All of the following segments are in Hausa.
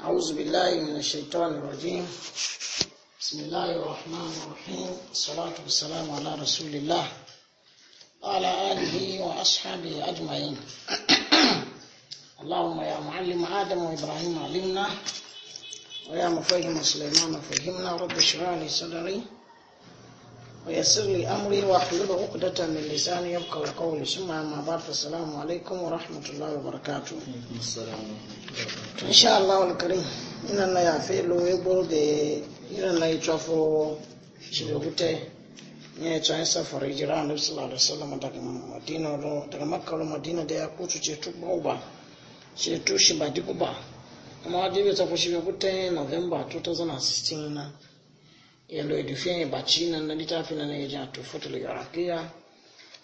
أعوذ بالله من الشيطان الرجيم بسم الله الرحمن الرحيم والصلاة والسلام على رسول الله وعلى آله وأصحابه أجمعين اللهم يا معلم آدم وإبراهيم علمنا ويا مفهم سليمان فهمنا رب اشرح لي صدري ويسر لي أمري واحلل عقدة من لساني يبقى قولي ثم أما بعد فالسلام عليكم ورحمة الله وبركاته إن شاء الله الكريم إن أنا يفعل ويقول دي إن أنا يتوفو شبهوتي ne ta yi safari jira a nabi sallallahu alaihi wasallam daga madina daga makka madina da ya kucu ce tu ba ce tu shi ba ba wajibi ta kushi november 2016 na yadda ya dufe baci nan na littafi na ya jan to fatul iraqiya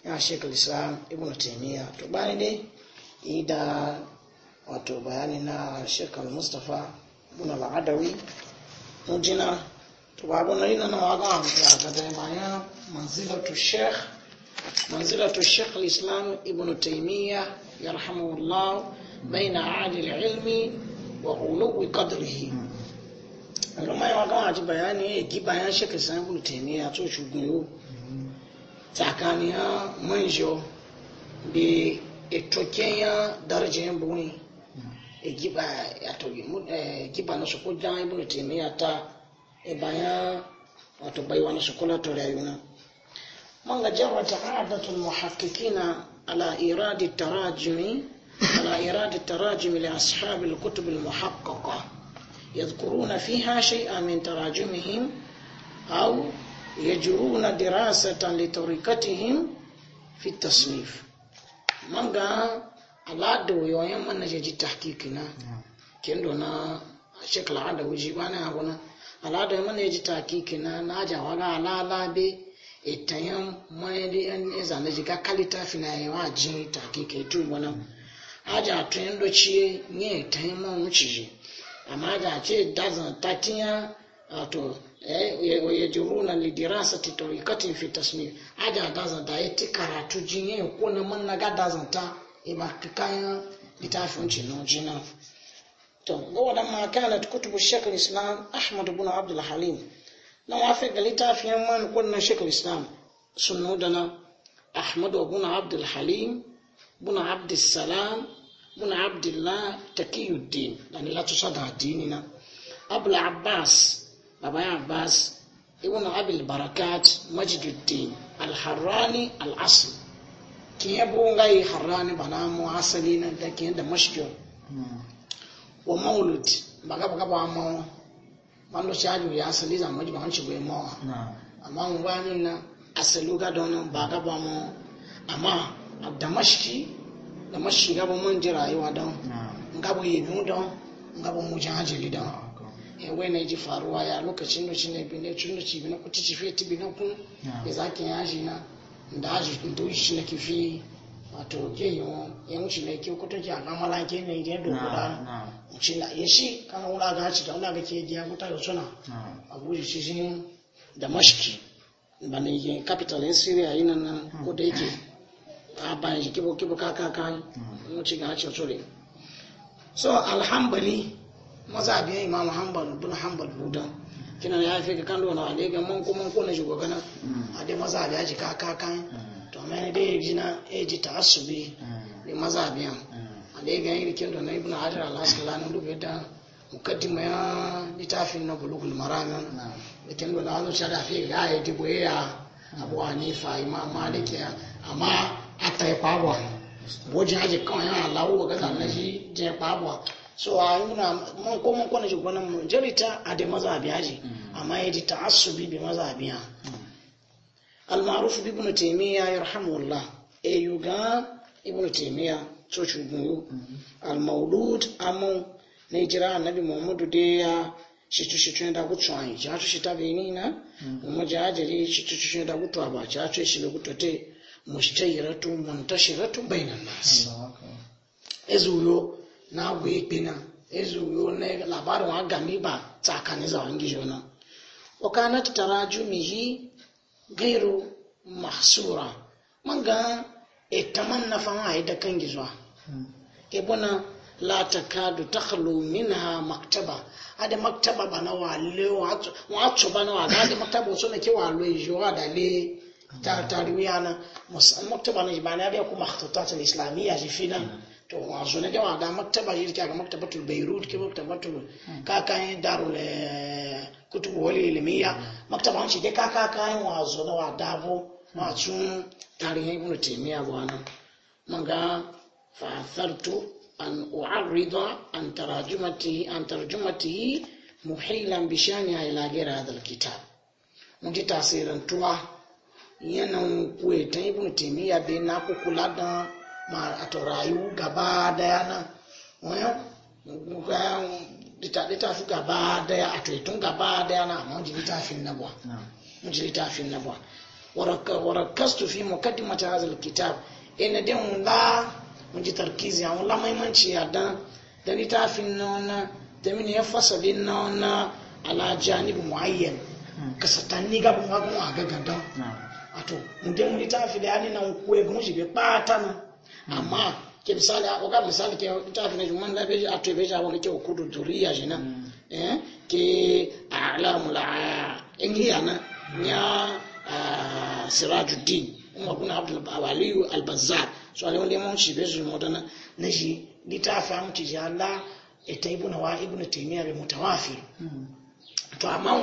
ya shekul islam ibn taymiya to bayan dai ida wato bayani na shekul mustapha ibn al'adawi mun jina to babu na rina na waga a ga da bayan manzilatu shekh manzilatu shekul islam ibn taymiya yarhamuhullah bayna adil ilmi wa uluwi qadrihi alumma yawa kan ci bayani ya gi bayan shekar samun taimi ya to shugayo tsakanin ya manjo bi etoken ya darajar yin buni egiba ya to egiba eh, na su kujan ibn taimi ta e bayan wato bai wani su kula to rayuna man ga jarra ta'adatul muhaqqiqina ala iradi tarajimi ala iradi tarajimi li ashabil kutubil al يذكرون فيها شيئا من تراجمهم أو يجرون دراسة لطريقتهم في التصنيف من قال الله دو يوين من نجي تحقيقنا كندونا شكل عادة وجيبانا هنا الله دو من نجي تحقيقنا ناجا وغا لا لا بي itayen mayari yan eza na jiga kalita fina yawa jin takike tu wana aja tun doci nye itayen mawuci amma da ce dazan tatiya wato eh, ya jiru na lidirasa katin fi tasnif aja dazan da ya ti karatu jinye ko na ga naga dazan ta iba e kayan littafin cinon jinan to gowa ma kanat kutubu shekul islam ahmad bin abdul halim na wafi ga littafin man kunnan shekul islam sun nudana ahmad bin abdul halim bin abdul salam muna abdullah takiyuddin dani latu sada dini na abul abbas baba ya abbas ibn abil barakat majiduddin alharrani al'asl kin yabo ngai harrani bana mu asali na da kin da mashkil wa maulud baga baga ba mu mando shaju ya asali za maji ban shigo mu amma mu ba min na asalu ga don baga ba mu amma da mashi gaban man ji rayuwa don gaban yi biyu don gaban bu mu jajili don ya eh, wai na ji faruwa ya lokacin da shi ne bi ne cin da ci bi na kuci ci fi ti bi na kun ya zaki ya ji na da aji da wuce shi na kifi wato ke yi wa ya wuce na ke kuta ji a gamala ke ne ya dogo da wuce na ya shi kan wula ga ci da wula ga ke giya kuta da suna a buji shi shi da mashiki ba yi capital in syria yi nan hmm. ko da yake bayan shi kibo kibo ka kan ci ga hacin sure so alhambali mazabiyan imamu hanbal bin hanbal buda kina ya fi kan lona a daga mun kuma mun na shigo kana a dai mazabiya ji ka kan to mai ne dai na e ji asubi ne mazabiyan a daga yin kin na ibn hajar al-asqalani dubi da mukaddima ya litafin na bulugul maram da kin lona azu fi ga ya dibo ya abu hanifa imam malik amma ata yi bwa bo jina je kan ya lawo ga ga na shi je ipa bwa so a yuna mun ko mun shi shugaban mu jarita a da mazhabi haji mm. amma yaji ta'assubi bi mazhabi ha mm. al ma'ruf bi ibn taymiya yarhamullah e yuga ibn taymiya so shugun mm. al maulud amun ne jira annabi muhammadu da ya shitu shitu da gutu an ya shi ta be ni na mu jajiri shi shitu da gutu ba ja ce shi da gutu te mushtahiratu muntashiratun bainan nas ezuyo na agwa ikpe na ezuyo na labarin wa gami ba tsakanin zawon gizo na wakanat tarajumihi gairu mahsura manga ga itaman e na fama da kan gizo hmm. e ibuna la takadu takhlu minha maktaba ade maktaba bana wa le wa bana wa ade maktaba so na ke wa ijo e ada le maktaba na ترويانا مكتبة نجبانا بيكو islamiyya الإسلامية fina to wasu na jama'a da maktaba yi ke ga maktabatul beirut ke maktabatul kakayin darul eh, kutubu wali ilmiya maktaba shi dai kakayin wasu na wa dabo masu tarihin ibn taymiya ba nan man ga fasartu an u'arrida an tarjumati an tarjumati muhillan bishani ila ghayr hadha alkitab mun ji tasirin tuwa yanayin kuwaitan ibn taimiyya bai na kukula ma don ma'ato rayu gaba daya nan wani littafi gaba daya a taitun gaba daya na amma wajen littafin na buwa ta fi na buwa warakastu fi mukaddimata hazal kitab ina den la wajen tarkizi a wula maimanci ya dan da ni littafin na wannan da mini ya fasalin na wannan ala janibu muayyan kasatanni gaban wagon a gagadan ato mude mu litafi da yani na kuwega mu shibe patana hmm. amma ke misali ako ka misali ke litafi na juman da be ato be ja wani ke kudu duriya jina hmm. eh ke alamu la ingiyana hmm. ya sirajuddin umma kuna abdul bawali al so ale wale mun shibe su modana na shi litafi am tijala ita ibn wa ibn taymiya be mutawafi to amma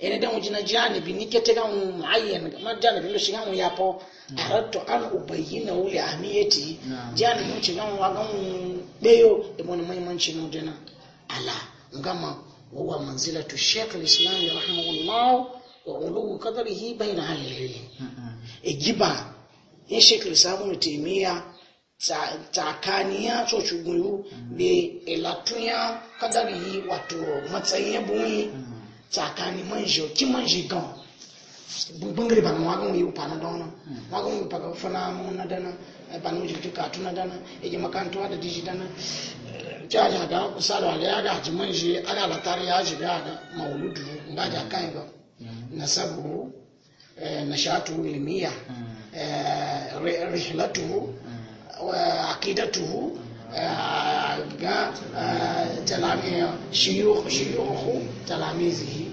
ene dan wujina janibi ni nike tega un um ayyan ma janibi lo shiga un um yapo aratto an ubayyina wuli ahmiyati janibi un um shiga un wagan beyo e mon muhimmanci no dana? ala ngama wa tu shaykh al-islam rahimahullah wa ulu qadrihi bayna ahli al-ilm e giba in e shaykh al-islam taymiya tsakaniya cocugunyu elatunya ilatunya e kadarihi wato matsayin bunyi tsakanin manjo ki manje gan bangare ba mwa gan yiwu pana dona mwa gan yiwu paga fana mu na dana e, ba nu jitu ka tuna dana e je makanto da diji dana ja ja ga kusalo ale ga ji manji aga la tare ya ji ga ga mauludu nga ja kan ga na sabu e, na shatu ilmiya mm. e, rihlatu mm. wa aqidatuhu تلاميذ شيوخ شيوخ تلاميذه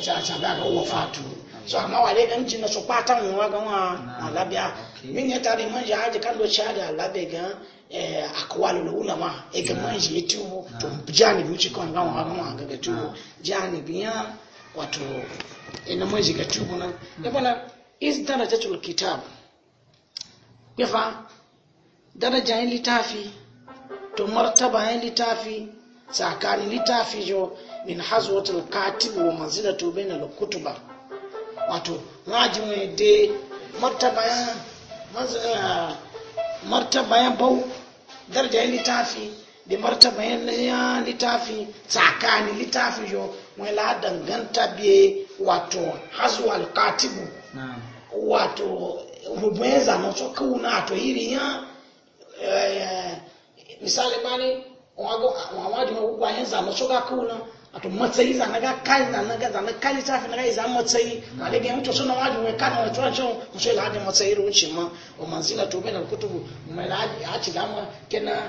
cha ba ga wafatu so amma na so pata mu wa ga wa labia min ya tare man ya haji kan do cha da labe ga eh ma e ga man ji tubo to jani bi uchi kon ga ga ga tubo jani biya wato ina man ga tubo nan da to martaba ya littafi tsakanin littafi jo min hazwatul katib wa manzilatu al kutuba wato raji mai de martaba ya eh, martaba ya bau daraja ya littafi da martaba ya littafi tsakanin littafi jo mai la danganta biye wato hazwal katibu wato rubun ya zama so to irin ya misali bani wawa jima gugwa yin zama so ga kuna a to matsayi zana ga kai zana ga zana kai tafi na ga izan matsayi a daga yin to suna wajen wai kana wato a cewa musu ilhadin matsayi rucin ma o manzila to bai na kutubu mai laji a ci gama kenan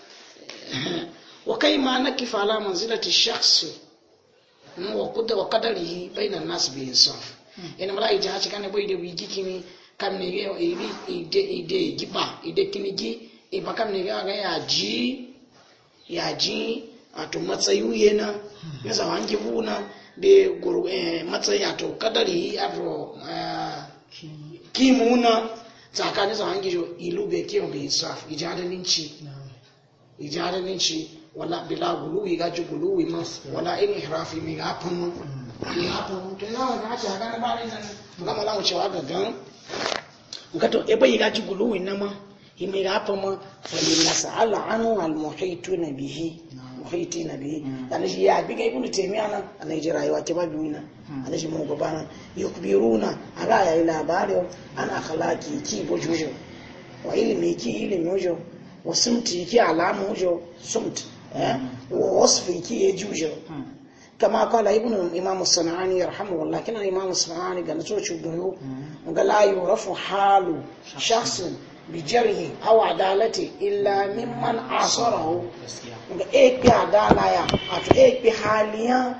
وكيما نكف على منزلة الشخص وقدره بين الناس بإنصاف ina mara ija haka kana boy de wigi kini kam ne yo iri ide gi ne ga ga ya ji ya ji a to hmm. ya za buna be guru eh matsayi to kadari a eh, kimuna za jo be da ne ijaranci wala bila guluwi ga ji guluwi ma wala in ihrafi mi ga funu mi ga funu to na wani aci haka na bari nan ga mala mu cewa gagan ga to e bai ga ji guluwi na ma hi mi ga funu fa li nas'ala anu al muhituna bihi muhitina bihi dan hmm. shi ya bi ga ibnu taymiya nan an ji rayuwa ke ba duniya an shi mu gaba yukbiruna aga yayi labarin an akhlaqi ki bojojo wa ilmi ki ilmi bojojo wasimti ki alamu jo sumt wa wasfi ki ya juje kama kala ibnu imam sanani yarhamu wallah kana imam sanani ga nato chubuyo ga la yurafu halu shakhsin bi jarhi aw adalati illa mimman asarahu ga ekpe adala ya ato ekpe haliya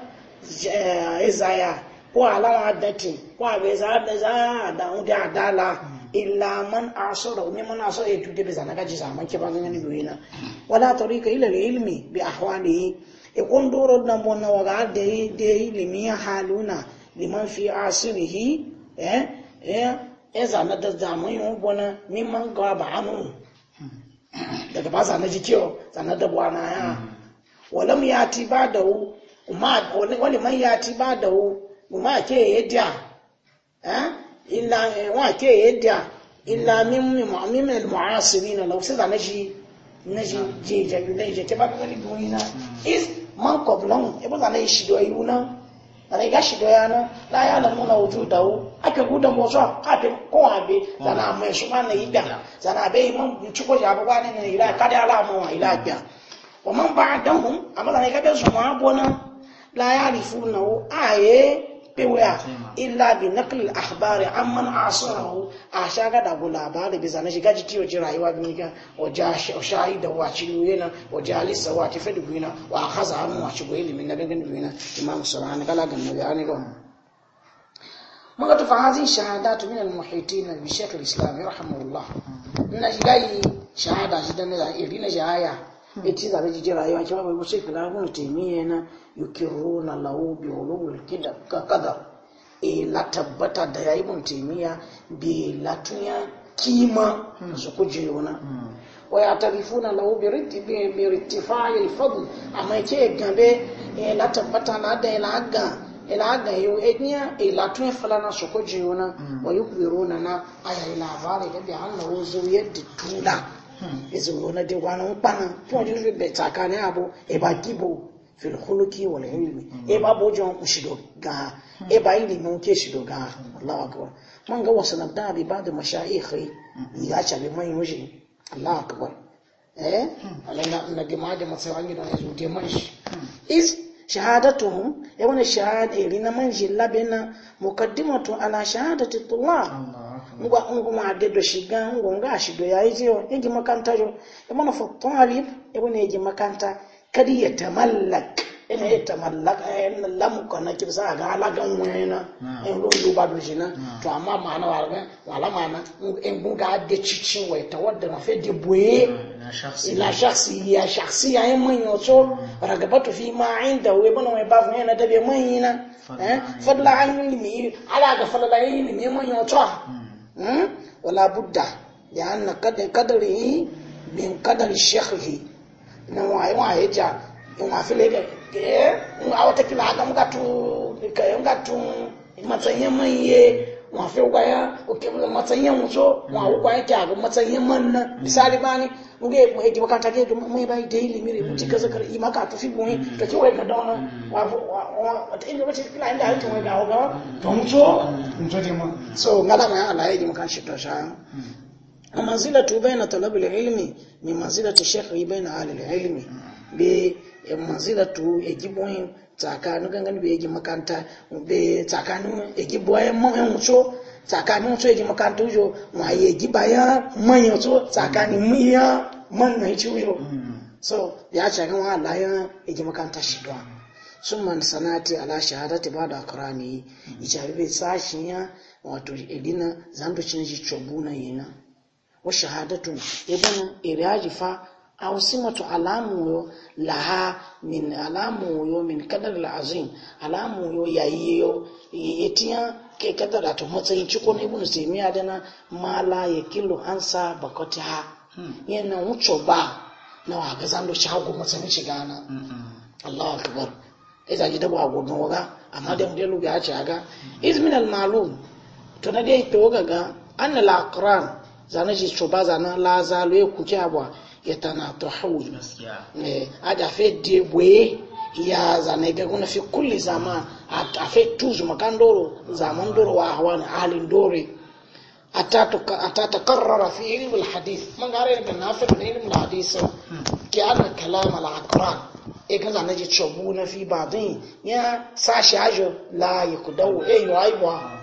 ezaya ko alama adati ko da adala illa man asara ne man asara ya tude be zanaga ji zaman ke bazan ni duina wala tariqa ila ilmi bi ahwani e kon doro na mona waga de de ilmi haluna liman fi asrihi eh eh e zana da zaman yun bona ni man ga ba anu daga ba zana ji kiyo zana da bwana ya walam yati ba da ma wani man yati ba da umma ke yedia eh illa wa ke yadda illa mimmi mu'minin al na na sai da naji ji je je ne je ke ba ga is man qablon e ba na shi do yuna ala ga shi ya na muna wujuda wu aka guda mo so ka te abi da na su ma na ida da na be mun pewa illa bi naql al akhbari amman asarahu a shaga da go labari bi zana shiga ji tiyo ji rayuwa bi ga o ja shayi da wa ci yana o ja lisa wa ti fedu bina wa khaza am wa ci go ilimin na gangan bina imam subhanahu kala ganna bi ani gon mun ga fa hazin shahadatu min al muhitin bi shaykh al islam rahimahullah na shiga shahada shi da na irina shahaya eti zabe jije rayuwa ke babu wasu kila mun taimiye na bi ulul kidab ka kadar e la tabbata da yayi mun taimiya bi latunya kima su kuje wana wa yatarifuna lahu bi ritti bi rittifai al fadl amma ke gabe e la tabbata na da ila ga ila ga e latunya falana su kuje wana wa yukbiruna na aya ila vare da bi izulu na de wani nkpana fún ọjọ́ fi bẹ̀ tsakani abo eba gibo filikoloki wọle ilimi eba hmm. bojo nshido gaa hmm. eba ilimi nke shido gaa allah akbar man ga wasu nabda bi ba da mashayikhi hmm. ni ga cabe man yi mushi allah akbar eh alana na de ma da masaran gidan ya de man shi is shahadatuhum ya wani shahada irina na man shi labina muqaddimatu ala shahadati tullah ngwa ngu ma de do shiga ngu nga shi do yayi jiyo yaji makanta jo e mana fa talib e wona yaji makanta kadi ya tamallak ina e ya tamallaka ina e lamu kana na ga alagan wena hmm. en lo lo ba do jina hmm. to amma na warga wala na en bu ga de cici wai tawadda na fe de boye ila hmm, shakhsi ya shaksi ya en manyo so ragabatu fi ma inda we bana wai ba fu yana da be manyina eh fadla an ilmi ala ga fadla ilmi manyo to wala budda anna kadin kadari min kadari shekhi na ja wa file da eh a wata kila ga mu tu ka yanga tu matsayin wọn fẹ́ gbáyà òkè matsayin wuso wọn àwọn gbáyà kí àgbà matsayin man misali ba ni nga yi kuma ejiba kanta ke duma mai e bai e dai limire mutu kaza kar yi ka tafi buni ka ke wai ka da wani wa ta inda bace kila inda ake wai e ga gawa to mutu mutu ne ma so ngala mai ala ya ejiba shi ta sha manzila tu bayna talab al ilmi min manzila tu shaykh bayna al ilmi bi manzila tu ejibu tsakanin gangan bai yi makanta bai tsakanin egi bayan manyan wuco tsakanin wuco yake makanta wujo ma yi egi bayan manyan wuco tsakanin miya manyan ci wujo so ya ce gan wa layan egi makanta shi don sun man sanati ala shahadati ba da kurani ijabi bai sashin ya wato edina zan shi cobu na yi na wa shahadatun ibn iriyaji fa au simatu alamu yo laha min alamu yo min kadar al'azim alamu yo yayi yo yetiya ke kadar da matsayin ciko na ibnu taymiya dana mala yakilu ansa bakota yana wuce ba na wa ga zan do shago matsayin shigana Allahu akbar iza ji dabu agodon waga amma da mudelu ga ci aga izmin al malum to na dai to ga ga an al aqran zana ji coba zana la zalu ya kuke abwa يتناطحون أدا إيه، في الدبوي يا زنيك أنا في كل زمان أدا في توز مكان دورو زمان دورو وأهوان عالين دوري أتا تكرر في علم الحديث ما قارئ بنافر من علم الحديث hmm. كأن كلام العقران إيجا نجي تشوبونا في بعضين يا ساشي لا يكدو إيه يعيبوا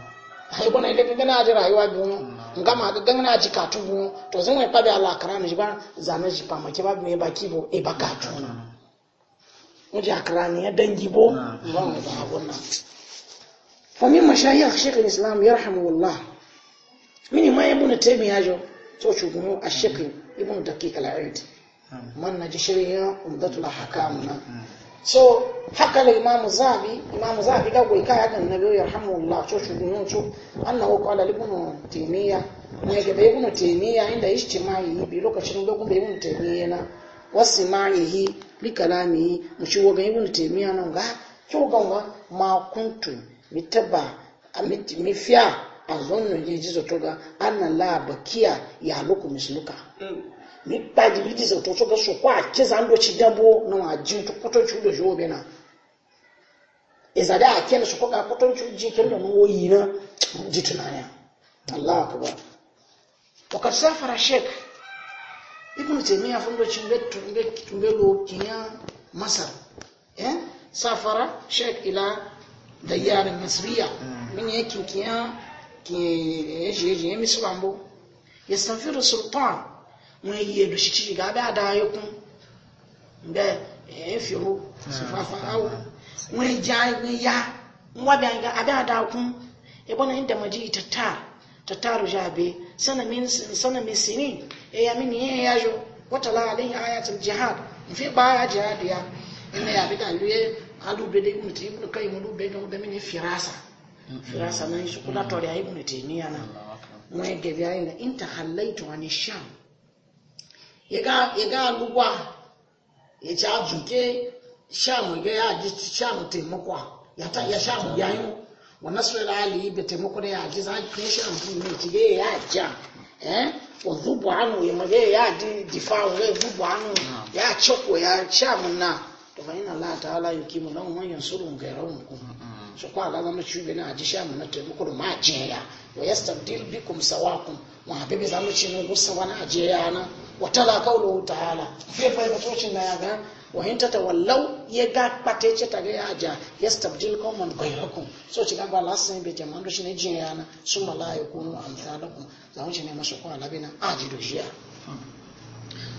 ibo na gaga na ji rayuwa biyu nga ma gaga na ji katu biyu to zan wai pabe ala kara mi ba zana ji pama ke ba me kibo e katu mu ji ya dangi bo ba mu da abunna fa min mashayikh shaykh alislam islam yarhamuhullah min ma ibn taymiya jo to shugumu ashaykh shaykh ibn dakika al hmm. man na umdatul hakamna hmm. so haka da imamu zabi imamu zabi ga goyi kai hakan nabi yarhamuhullah to shugunun su annahu qala ibn timiya ne ga bai ibn taymiya inda ijtimai bi lokacin dogon bai ibn timiya na wasu yi li kalamihi mu shi wa ga ibn taymiya nan ga kyau ga ma kuntu mitaba amiti mifia zonnu ne zo to ga annan la bakia ya luku misluka mm. mi kpaji bi disa so soga so kwa chiza ndo dabo na waji to koto chudo jobe na ezada akene so koga koto chuji kendo no yina jitunanya Allah akbar wakati safara shek. ibnu taymiya fundo chimbe tumbe tumbe lo kinya masar eh? safara shek ila diyar misriya hmm. min yakin kinya ki eje eje sultan wọn yi edu titi ga abẹ ada ayi kun ndẹ efi ho sifafa awo wọn gya ya nwa bẹ nga abẹ ada kun ebo na ndamaji tata tata roja abe sana mi sana mi sini eya mi ni eya yo watala alayhi ayatul jihad nfi ba ya jihad ya ina ya bi da luye alube de ibnu ibnu kayyim alube ga da mini firasa firasa na nan shi kula tori ibnu taymiya na wai gabi na in tahallaitu an sham ị ga alụgwa eji ajụ ke sham ga ya ji sham taimakwa ya sham ya yi wa nasirar ibe taimako ya ji za ki sham na ne ci ga ya ja eh wa zubu anụ ya maga ya ji difa wa zubu ya chokwa ya sham na to fa ina la na yukimu ya nke su kwa ga zama ci na ji sha na ta muku ma jiya wa yastabdil bikum sawakum wa bebe zamu ci mun gusa wani ajiya na wa tala kaulu ta'ala fe fa ga tocin na ga wa in ya ga ce ta ga ja yastabdil qawman ghayrakum so ci gamba ba lasin be jama'an da do shine jiya na sun malaiku no amsalakum zamu ci ne masu kwa labina ajidu jiya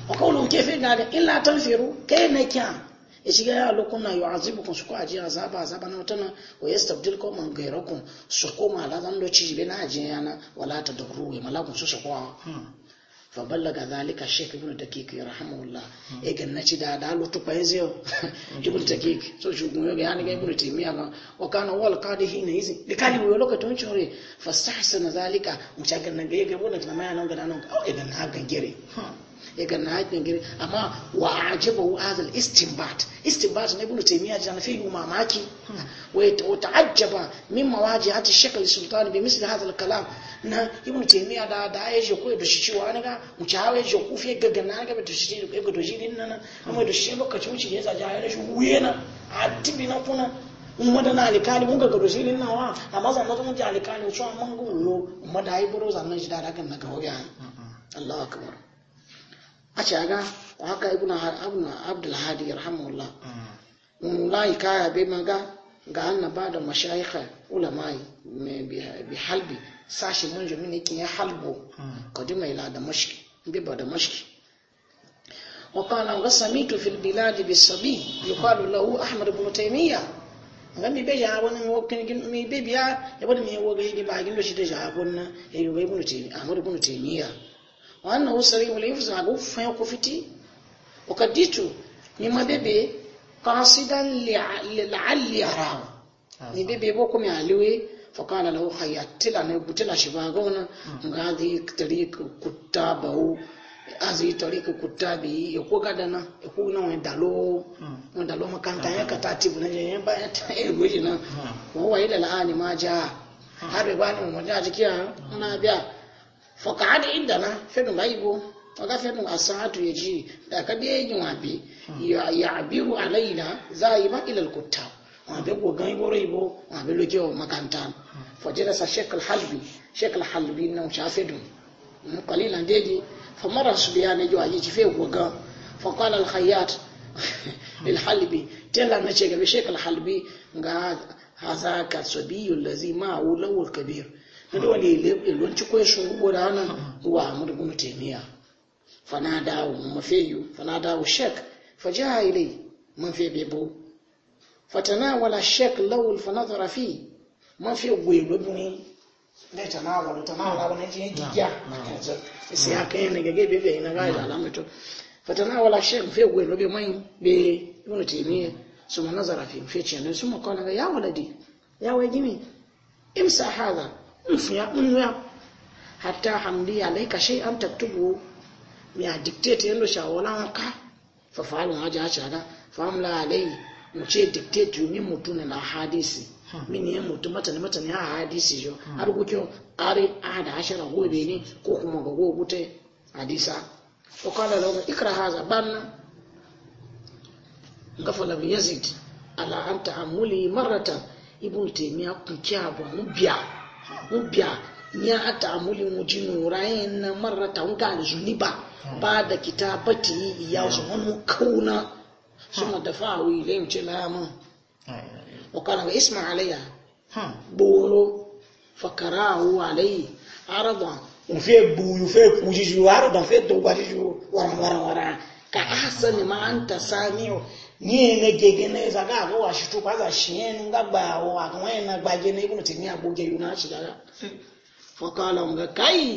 wa fi na ga illa tanfiru na kyan ishiga ya lokun na azibu kun suko aji azaba azaba na wata wa yastabdil qauman ghayrakum suko ma la zan doci be na aji yana wala ta dabru wa malakun su suko hmm. fa ballaga zalika shaykh ibn dakiq rahimahullah hmm. e ganna ci da da lutu pa ezio hmm. ibn dakiq so shugun yo yani ga ibn timiya ba wa kana wal qadi hina izi likali wo lokacin chore sahsana zalika mutagan nan ga ga ibn taymiya nan ga nan ga e ganna ga gere ya ga na hakin gari amma wa ajaba wa azal istinbat istinbat na ibnu taymiya ji na fi mamaki wa ta'ajjaba min mawajihati shakal sultan bi misli hazal kalam na ibnu taymiya da da ya je koyi da shi cewa na ga mu ci hawaye je ku fi gaggan na ga da shi da ga da shi din nan amma da shi baka wuce ya zaja ya shi huye na atibi na kuna umma da na alikali mun ga shi din nan wa amma zan mutum ji alikali cewa amma ngun lo umma da ai buro zan nan shi da daga na ga hoya Allahu akbar أشاعنا وهاك ابن ابن عبد الهادي رحمه الله ملاي كايا بيمجا قالنا بعد المشايخ ولا ماي بحلبي ساشي منجو من يكي حلبو قدما إلى دمشق بيبا دمشق وقال غسميت في البلاد بالصبي يقال له أحمد بن تيمية عندما بيجا أبونا يوكن يجن مي بيبيا يبون مي يوكن يجي باعين لو شيء جا أبونا يوكن يبون تيمية أحمد بن تيمية wannan rusari wala yufu zaga fiti o kufiti wakaditu ni mabebe qasidan la'alli yarahu ni bebe boko mi aliwe فقال له خياتل أنا بتلا شباغونا هذه طريق Nga azi kuta kutabi yoku gadana yoku na wen dalo mm. wen dalo makanta mm. ya katati ba ya ta ego mm. wa ma ja har ba ni jikiya na biya fọkàdé ìdàlá fẹnu láyìnbó ọgá fẹnu asáàtù yẹjì dàkà bí ẹyìn wọn àbí yàbíru aláìlá záàyè má ilẹ̀ kòtà wọn àbẹ gbọ̀ngàn ìbóró ìbó wọn àbẹ lójú ọ makanta fọjẹrẹsà shekel halbi shekel halbi náà ṣàfẹdù kọlílan déédé fọmọdà ṣùgbọ́n ẹjọ ayé ti fẹ́ gbọ̀ngàn fọkàdé alhayat lilhalbi tẹ́lá náà ṣe gẹ̀bẹ́ shekel halbi nga hazaka sabiyu lazi ma'awu lawul kabir dole lile lonci ko shi gora hana wa Ahmad ibn Taymiya fanadahu mafeyu dawo shek fajaha ilay man fe bebo wala shek lawul fanadhara fi man fe gwelo bunin ne ta na wani na jin giya sai aka yi na gage bebe na gaya da fatana wala shek fe gwelo be man be ibn Taymiya suma nazara fi fe ce ne suma kawai ya waladi ya wai gimi imsa hadha ya ya hatta hamdi alaika shay'an taktubu a dictate yando shawaran ka fa fa'alun haja shaga fa famla alai mu ce dictate ni mutu na hadisi hmm. min ya mutu matani matani ha hadisi jo har gukin ari da hashira gobe ne ko kuma ga ta hadisa ko kala lahu ikra haza banna gafa bi yazid ala an ta'ammuli marratan ibn taymiya kun kiya ba mu biya Ni hmm. ya hata hmm. muli mujinu rayin na marrata hunka alzuni ba ba da kitabati ya su wani kauna suna da fa'awu ilayin ce lamun wakana ga isma alayya hmm. boro hu alai, aradan ufe buyu fe kuji ju aradan fe dogba ju waran waran waran ka asali ma anta sami'u nyene gegeneza kako wachitupa za shiyeni ngagbawo akamwena gbagene ibuno tini abuge yuna chidala hmm. fakala nga kai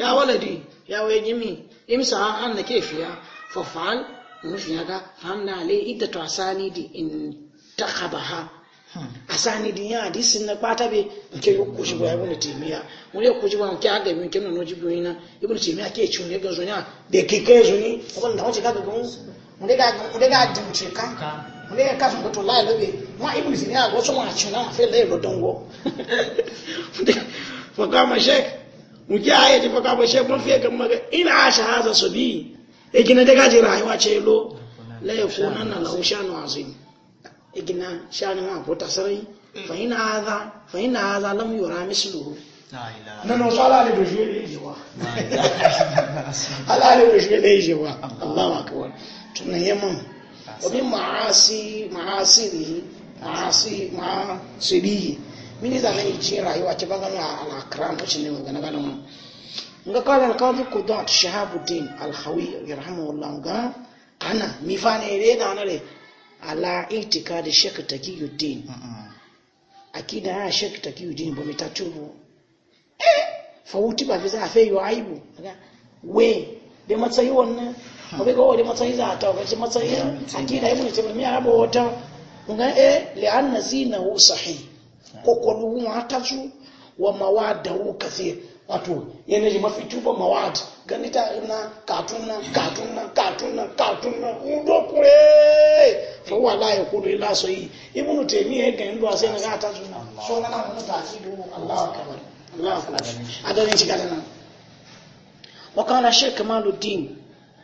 ya waladi ya wejimi imsa anna kefiya fafal nufiyaga famna ale idda to asani di in takhabaha hmm. asani di ya di sinna kwata be nke yokushi bwa ibuno timiya mule kuji bwa nke aga ibuno kemna nojibu ina ibuno timiya ke chunye gazonya de kikezo ni ko ndawo chikaga gonzo ndega jimcika ndega kasan kutu la lobe ma ibn sina ya wasu ma cina sai lai rodon go faka ma shek muke aya ji faka ma shek mun fiye kan maga ina a haza su bi igina daga ji rayuwa ce lo la yakuna na lahu shanu azim igina e shanu ma ko tasari fa ina hadha fa ina misu lam Na misluhu non non ala le dojier les joie ala le dojier les joie Allahu akbar tuna yaman wabi ma'asi ma'asirihi ma'asi ma'asirihi mini da nan ce rayuwa ce baga na al'akram wacce ne magana gana mu nga kala alqadi qudat shahabuddin alhawi yarhamuhullah ga ana mi fa ne re da ne ala itika itikadi shekh takiyuddin akida ya shekh takiyuddin ba mitatubu eh fawuti ba fi za a fe yi aibu we da matsayi wannan akwai ga wani matsayi za a ta wakilci matsayi akida ibn taymiya ya bo wata nga e eh, li anna zinahu sahih kokolu wa tazu wa mawadahu kathir wato yana ji mafi tuba mawad gani ta ina katun nan katun nan katun nan katun nan udo kure fa wala ya kudu ila so yi ibnu taymiya ga ndo sai na ga tazu na so na na mun ta ci do Allahu akbar Allahu akbar adanin shi kana nan wa din.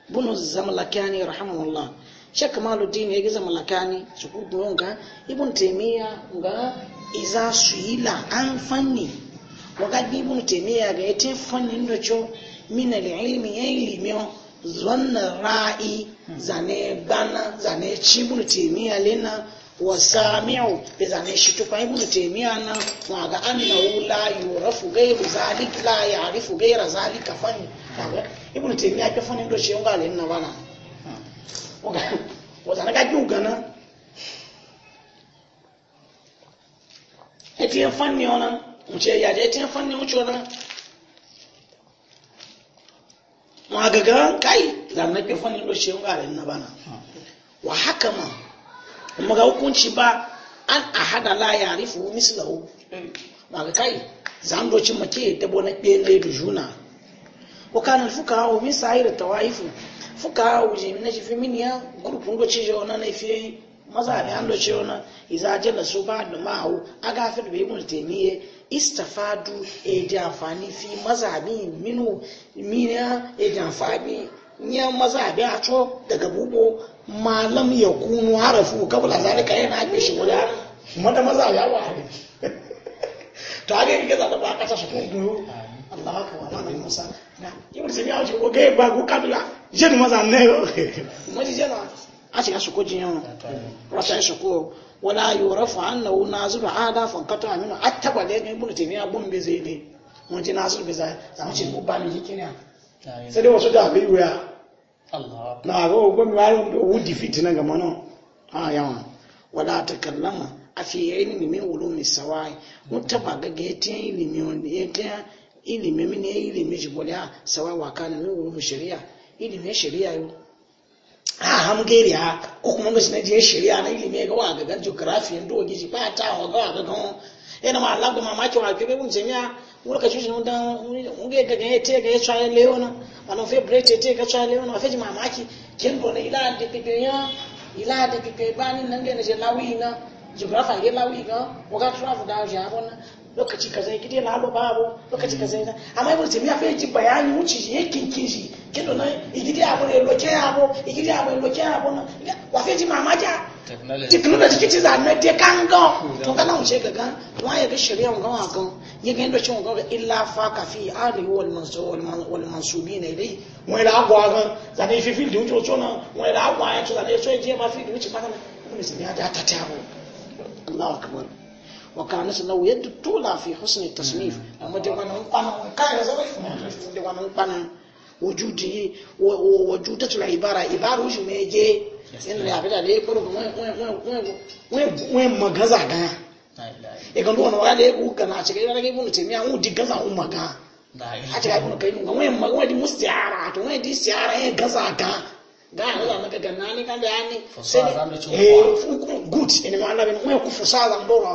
bunu zamlakani rahimahullah shek maluddin ya giza malakani su kuma ga ibn taimiyya ga iza su yi an fanni waga bi ibn ga yata fanni da co mina da ilimi ya ilimi zonna ra'i zane bana zane ci ibn taimiyya lena wa sami'u bi zane shi kai ibn taimiyya na wa ga annahu la yurafu gairu zalika la ya'rifu gaira zalika fanni ibn taymiya ke fani do shewu ngale na bana oga wata na gaji fani ona mce ya je etiye fani ucho na ma gaga kai da na ke fani do shewu ngale na bana wa hakama. ma maga hukunci ba an ahada la yarifu mislahu ma ga ye zan doci ne da ne ɓen da juna وكان Fuka من سائر الطوائف فقهاء وجي من في منيا جروب نغو تشيجونا نفي مذهب عن لو تشيجونا إذا جلسوا بعد ما هو أغافل بيبون استفادوا إيدي أنفاني في مذهبين منو منيا إيدي أنفاني ya maza bi a co daga bubo malam ya kunu harafu kabula zalika yana haƙe shi guda mata maza ya wa to haka yake da ba a ƙasa su kun allah aka wa mana musa na ibn sami'a o ti o gẹ́gẹ́ gba gúkà dùlà jẹ́nu mọ́sà nẹ́ o wọ́n ti jẹ́nu a ti ka soko jiyan o rasa soko wala yora fa an nawo ada fankata aminu a taba da yakin ibn sami'a bun bai zai ne mun ji naziru bai zai zamu ce ko ba mi jikin ya sai dai wasu da bai wuya na ga ogbon mi wari wudi fitina ga mana a yawan wala ta kallama a fiye ilimi min wulumi sawai mun taba ga ga yatiyan ilimi wanda yatiyan ilimi mini ya ilimi ji ha sawa wa kana min wurin shari'a ilimi ya shari'a yau a hamgeri ha ko kuma ga na je shari'a na ilimi ga wa ga ga geography ndo gi ji ba ta wa ga ga ga ina ma Allah kuma ma ki wa ki bun jami'a wani ka shushin wanda unge ga ga te ga ya tsaye leona ana fe brete te ga tsaye leona fe ji mamaki kin do na ila da pipe ya ila da pipe ba ni nan ga na je lawi na geography ga lawi ga wa ga travel da ja bona lokaci kaza ya gidi lalo babu lokaci kaza ya amma ibn taymiya fa yaji bayani wuce shi yakin kinshi kido na igidi abu ne loke abu igidi abu ne loke abu na wa fa mamaja technology kici za na te kanga to kana wuce ga gan wa ya ga shari'a ga wa gan ya ga inda cin ga illa fa ka fi ali wal mansur wal mansubin ilai wa ila gwa gan za ne fi di wuce wuce na wa ila gwa ya to za ne so je ma fi di wuce ma kana ibn taymiya da ta tabo Allahu akbar وكان سنو يد طولا في حسن التصنيف اما دي وانا كان زمان دي وانا مقانا وجودي وجودة العبارة عبارة وش ميجي إن يا بلا ليه كرو وين وين وين وين مغزا غا إيكون دون ولا ليه كان أشكي لا ليه بنو تيمي هو دي غزا وما كان مغا أشكي بنو كاين وين ما وين دي مستعارة وين دي استعارة إيه غزا غا gane za maka ganna ne kan da yani sai ne eh good ina ma'ana bin kuma ku fusa zan dora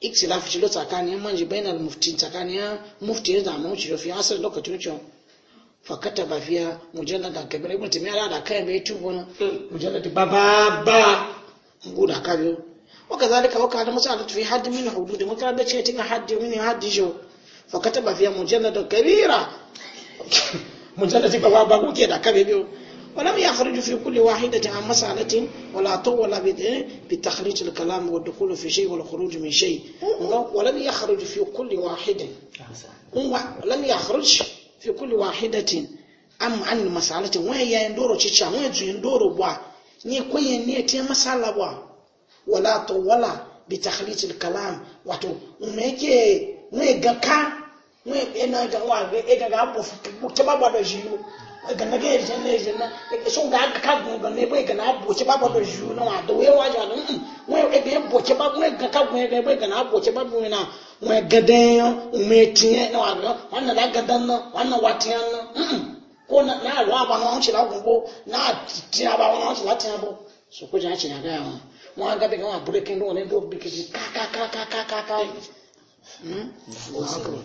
ikhtilafu shi lo tsakanin manji bainal mufti tsakanin mufti da mu shi fi asar lokacin cewa fakata ba fiya mujalla da kabir ibn timiya da kai mai tubo na mujalla da baba ba guda kabiyo waka zalika waka da musa fi haddi min hudud makaranta ce tinga haddi min haddi jo fakata ba fiya mujalla da kabira mujalla da baba ba kuke da kabyo. ولم يخرج في كل واحدة عن مسألة ولا طول بتخريج الكلام والدخول في شيء والخروج من شيء ولم يخرج في كل واحدة لم يخرج في كل واحدة أم عن مسألة وهي يندور تشا وهي يندور بوا ni kwenye neti ya masala bwa wala to wala bi takhliti kalam wato umeke mwe gaka mwe ena gawa ega gapo kutaba bado jiyo gana ga yarjan na yarjan na sun ga aka kagun ga ne bai gana boce ba ba ju na wa da wai wa ja nan wai e be boce ba wai ga kagun ga bai gana boce ba na wai ga dan tiye na wa ga wannan na, ga dan wannan wa tiyan na ko na na wa ba na ci la gumbo na tiya ba na ci la tiya bo so ko ja ci na ga ya wa ga be wa ne do ka ka ka ka ka ka ka hmm?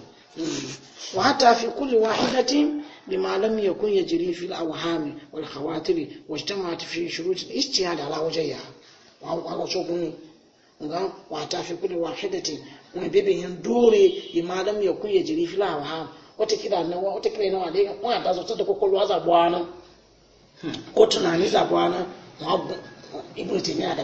وحتى في كل واحدة بما لم يكن يجري في الأوهام والخواطر واجتمعت في شروط الاجتهاد على وجهها وعلى شوفهم وحتى في كل واحدة وبيبي يندوري بما لم يكن يجري في الأوهام watakila na watakila na wale kwa da zo tada kokolo za bwana ko tunani ابن bwana ibn taymiya da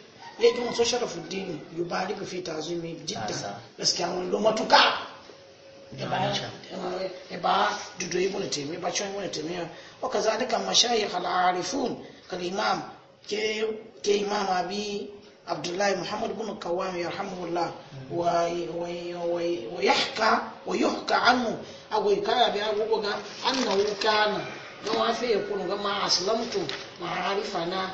laifin wasu sharafuddini yi ba rika fi ta zumi jidda gaskiya wani lo matuka ya ba dudu wani teme ba cewa wani teme ya wa ka zalika mashayikh al-arifun kal imam ke imam abi abdullahi muhammad ibn kawam yarhamuhullah hmm. wa wa yahka wa yuhka anhu ago kaya bi an ga wuka na. don wafe ya kunu ga ma aslamtu na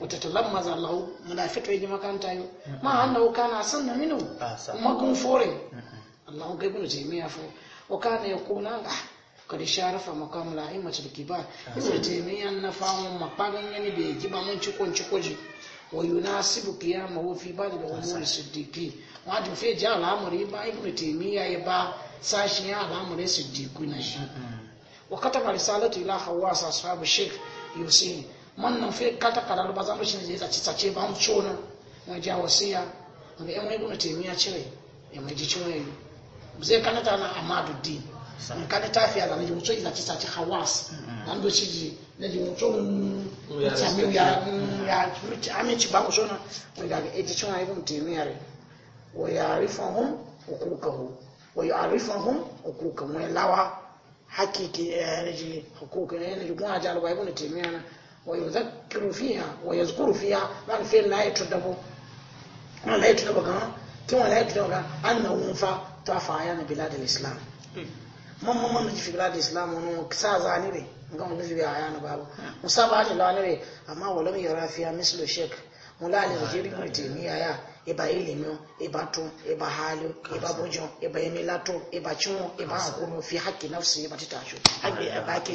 wata talan maza lau muna fito yi makanta mm-hmm. ma hannu wuka na san na minu ah, magun fore mm-hmm. allahu kai bunu ce miya fo na ya kona ga ah, ka da makamu la'ayi mace da kiba ah, isa ce miya na famun mafarin yani bai kiba mun ci kwanci kwanci wa yunasibu kiyama wa fi ba da da wani wani siddiqi wa ta fi ji al'amari ba ibn taymiya ya ba sashen ya al'amari siddiqi na shi mm-hmm. wa kata marisalatu ila hawa sa sahabu sheikh yusin man fe kata karar ba zan rashin zai tsaci tsace ba mu tsona na ja wasiya ga yan wani gwamnati mu ya cire ya mai ji cewa yi zai kana na amadu san kana ta fiya da hawas do na ji mu tso mu ya ya ba mu ga yi mu yare wa yarifahum huquqahum wa lawa hakiki ya ji hukuka na ويذكر فيها ويذكر فيها من في لا يتدبو لا يتدبو كما كما لا يتدبو أنه منفى تعفى عيان بلاد الإسلام ما ما من في بلاد الإسلام ونو كسا زاني بي نقوم نجي بي بابو بابا مصابة عجل لاني بي أما ولم يرى فيها مثل الشيخ ملالي وجيري من تيمية يا iba ilimi iba tun iba hali iba bujo iba emila tun iba ciwo iba hakunu fi haƙƙi nafsi iba titacu haƙƙi iba ke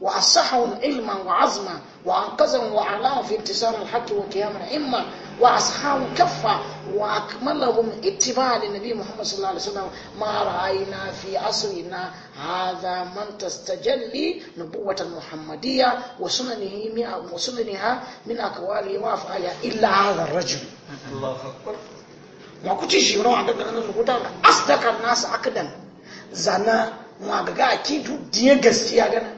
وأصحهم علما وعظما وأنقذهم وعلاهم في انتصار الحق وقيام الأئمة وأصحابهم كفة وأكملهم اتباعا للنبي محمد صلى الله عليه وسلم ما رأينا في عصرنا هذا من تستجلي نبوة المحمدية وسننه وسننها من أقواله وأفعالها إلا هذا الرجل الله أكبر ما كنت يجيبون عندنا نقول أصدق الناس عقدا زنا ما ga akidu diye gaskiya gana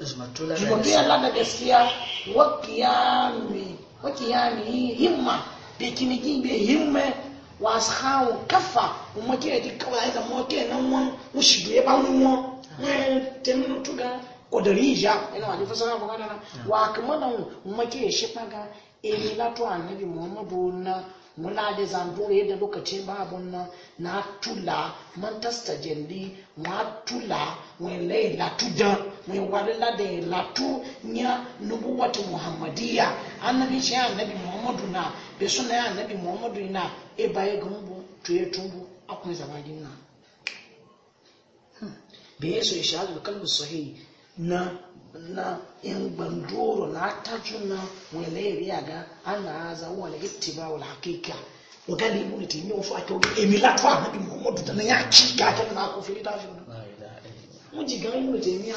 ne jùmọ̀tò yẹn lánà gaskiya wakiyami himma da kinigin bai himma Wa hawon kafa kuma ke ji kawai ya zama ke nan mu wushi da ya ba wọn wọn tẹnu tuga kọdari ìjà ina wà ní fasara bọ̀ kọ́dara wà kàmọ́ na kuma ke shi faga emi lato annabi muhammadu na muna da zandura yadda lokacin babun nan na tula man tasta jandi ma tula wani lai latudan min warila da ya latu ya nubuwatu muhammadiya annabi shi annabi muhammadu na be suna ya annabi muhammadu na e baye gumbu to ya tumbu akwai zamagin na hmm. be yeso ishadu kalmu sahih na na in bandoro na tajuna wele riya ga ana za wala ittiba wal haqiqa wakali ibn taymiya ofu ato emila to annabi muhammadu da na ya ki ga ta na ko filita shi na mu ji ga ibn taymiya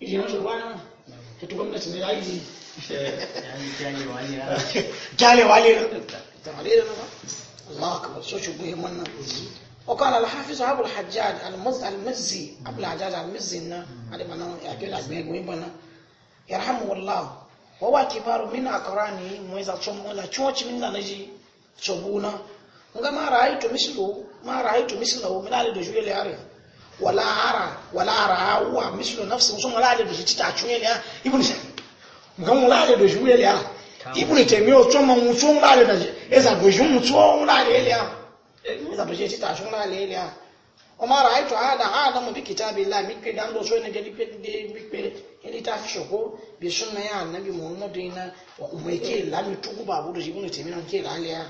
idan yanzu kwana ka ta gwamnati ne yaji jalewa ne tamare da nama Allah akbar so shi buhin wannan وقال الحافظ أبو الحجاج المز المزي أبو الحجاج المزي إنه هذا بنا يأكل أجمعين وين بنا يرحمه الله وهو كبار من أقرانه مويزا تشمو لا تشوش من نجي تشبونا nga ma ra'aytu mislu ma ra'aytu mislahu min ali dujuri wala ara wala ara wa mislu nafsi ah. ah. musamman ah. da shi ta cuye ya ibn da ya temi o to man mutu da shi eza go shi mutu o ya eza shi ta cuye la da ele ya umar aitu hada hada mu bi kitabillah mi ke dan do na ne gani pe de bi pe ele ta fi bi sunna ya annabi muhammadu ina wa umeke la mi na ke la ya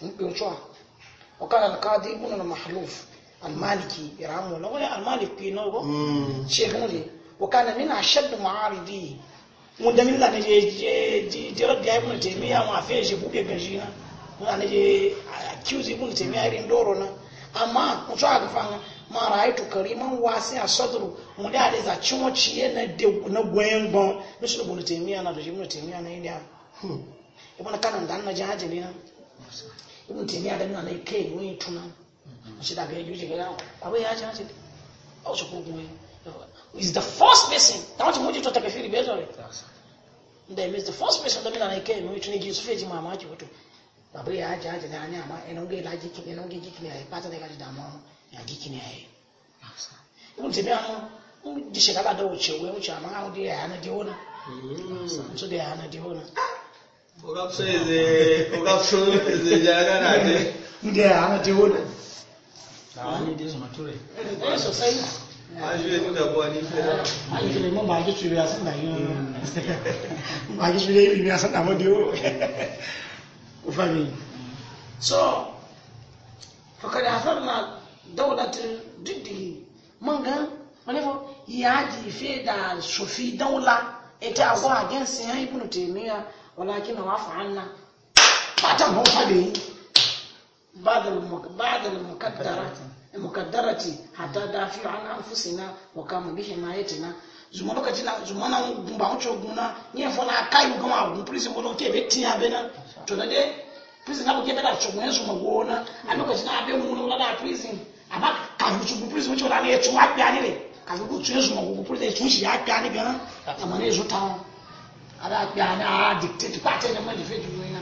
mun pe o almaliki iramu na wani almaliki na ko shehun ne wa kana min ashaddu mu'aridi mun da min da je je je rabbi ya ibn taymiya ma fe je buke gaji na mun ne je accuse ibn taymiya irin doro na amma mun so aka fanga ma raitu kariman wasi a sadru mun da da za cin wace na na goyen gon mishi ibn taymiya na da ibn taymiya na inda ibn na mun tuna shidaka ya yuji gaya abu ya ji hanci a wasu is the first person ta wata mutu ta kafiri bai zore da is the first person da mina na kai mai tuni fiye feji mamaki wato abu ya ji hanci na hanyar ma ina ila ya yi da gaji damuwa ya jikin ya yi ibn tabi an ji shekara da wuce wuce amma ya ya jaga de. Anjure mo ma ke tsebe ya sana yo. So daulatin diddihi mun ga ya jife da sufi daula ita abu a gensin ya ibnu taymiya walakin wa fa'alna fatan fa fadi بعد المقدرات المقدرة حتى دافع عن أنفسنا وقام بحمايتنا zuma lokaci na zuma na gumba wuce guna nye fola kayu gama a gun prison wani oke bai tiya bai na to da dai na kuke bai da shugun yansu magona a lokaci na abin munu na da prison amma kafin shugun prison wuce da ya shi ya biya ne biya na amma ne zo a a dictate ba ta yi da mai da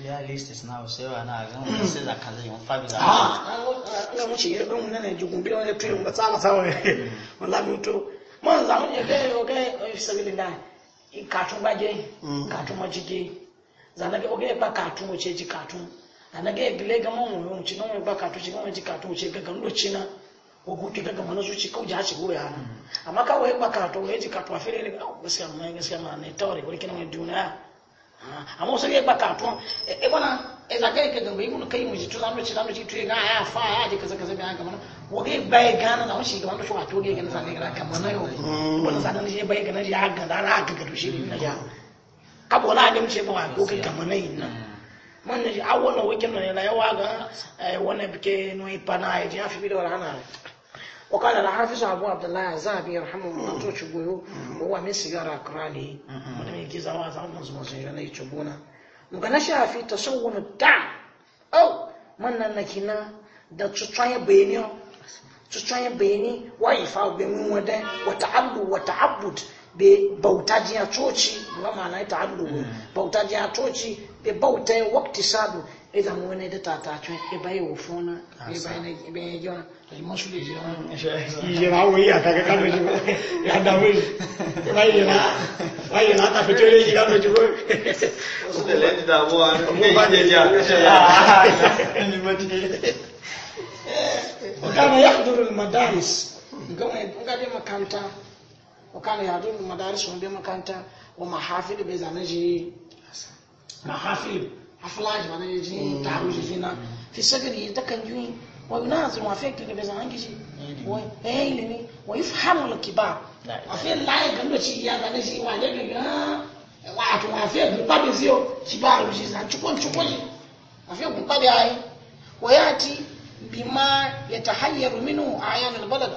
Realista sinal seu anaga não precisa casa um fábio da ah, ah, ah, ah um, não um muito ir não ne de cumprir onde tu um batalha sabe wallahi mano zamu oh, ya kai o kai sabil da in katun ba je katun ma jige zanage o kai ba katun o ce ji katun anage gile ga mun mu ci non ba katun ci mun ji katun ce ga gando ci na o gutu daga mana su ci kau ja ci goya na amma kawai ba katun ya ji katun a fere ne gaskiya mai gaskiya ma ne tawari wani kina duniya àmọ́ sọ yẹ gba kàtọ́ ẹ bọ́nà ẹ̀zàgẹ́ ìkẹgàn bẹ́ẹ̀ múnú kẹ́yìn mùsùlùmí tó lánàá tí lánàá tí tuyè náà àyà fún àyà àjẹ kẹsẹkẹsẹ bẹ́ẹ̀ àgàmọ́ náà wọ́n kẹ́ gba ẹ̀ gánà náà wọ́n sì gàmọ́ tó sọ àtó gẹ̀ gánà sàn gẹ̀ àgàmọ́ náà yọ̀ bọ́nà sàn náà ṣe bẹ́ẹ̀ gánà ṣe àgàdá ara àgàgà tó ṣe bí nà yà kábọ̀ náà dem ṣe bọ̀ àgbo kẹ́ gàmọ́ náà yìí náà mọ́ ní awọ́ náà wọ́n kẹ́ nà وقال الحافظ أبو عبد الله الزهبي رحمه الله تشبه هو من سيارة أكرانه ولم يجيز واز عن نظم سيارة يتشبهنا مغنشا في تصور الدعم أو من نكنا da tsuntsayen bayani tsuntsayen bayani wa ifa bemin wadai wata abdu wata abud be bauta jiya coci ga ma'ana ita abdu bauta jiya coci be bauta wakti sadu eza mwene de tata tso eba ye wò fún na eba ye eba ye jọ alimọ su le jẹ wọn. yẹlẹ awo yi atake ka lójú ya dawo yi wa yẹlẹ wa yi ka lójú wọn. o tẹ lẹ ne yi jẹ jẹ akẹsẹ yà ni mo ti yẹ. o kana yahduru madaris nga mo nga de makanta o kana yahduru madaris o de makanta o mahafil be zanaji afulaji mana ya ta taru shi fina fi sagari ta kan yi wa yi nazir wa fiye kirkir bezan hangi shi wa ya ilimi wa yi fahimu la kiba wa fiye laye gando ci ya zane shi wa ne gaga wato wa fiye gurba bi ziyo shi ba a rushe zan cikon cikon shi wa fiye gurba bi ayi wa ya ci bima ya ta hanyar minu a yanar balada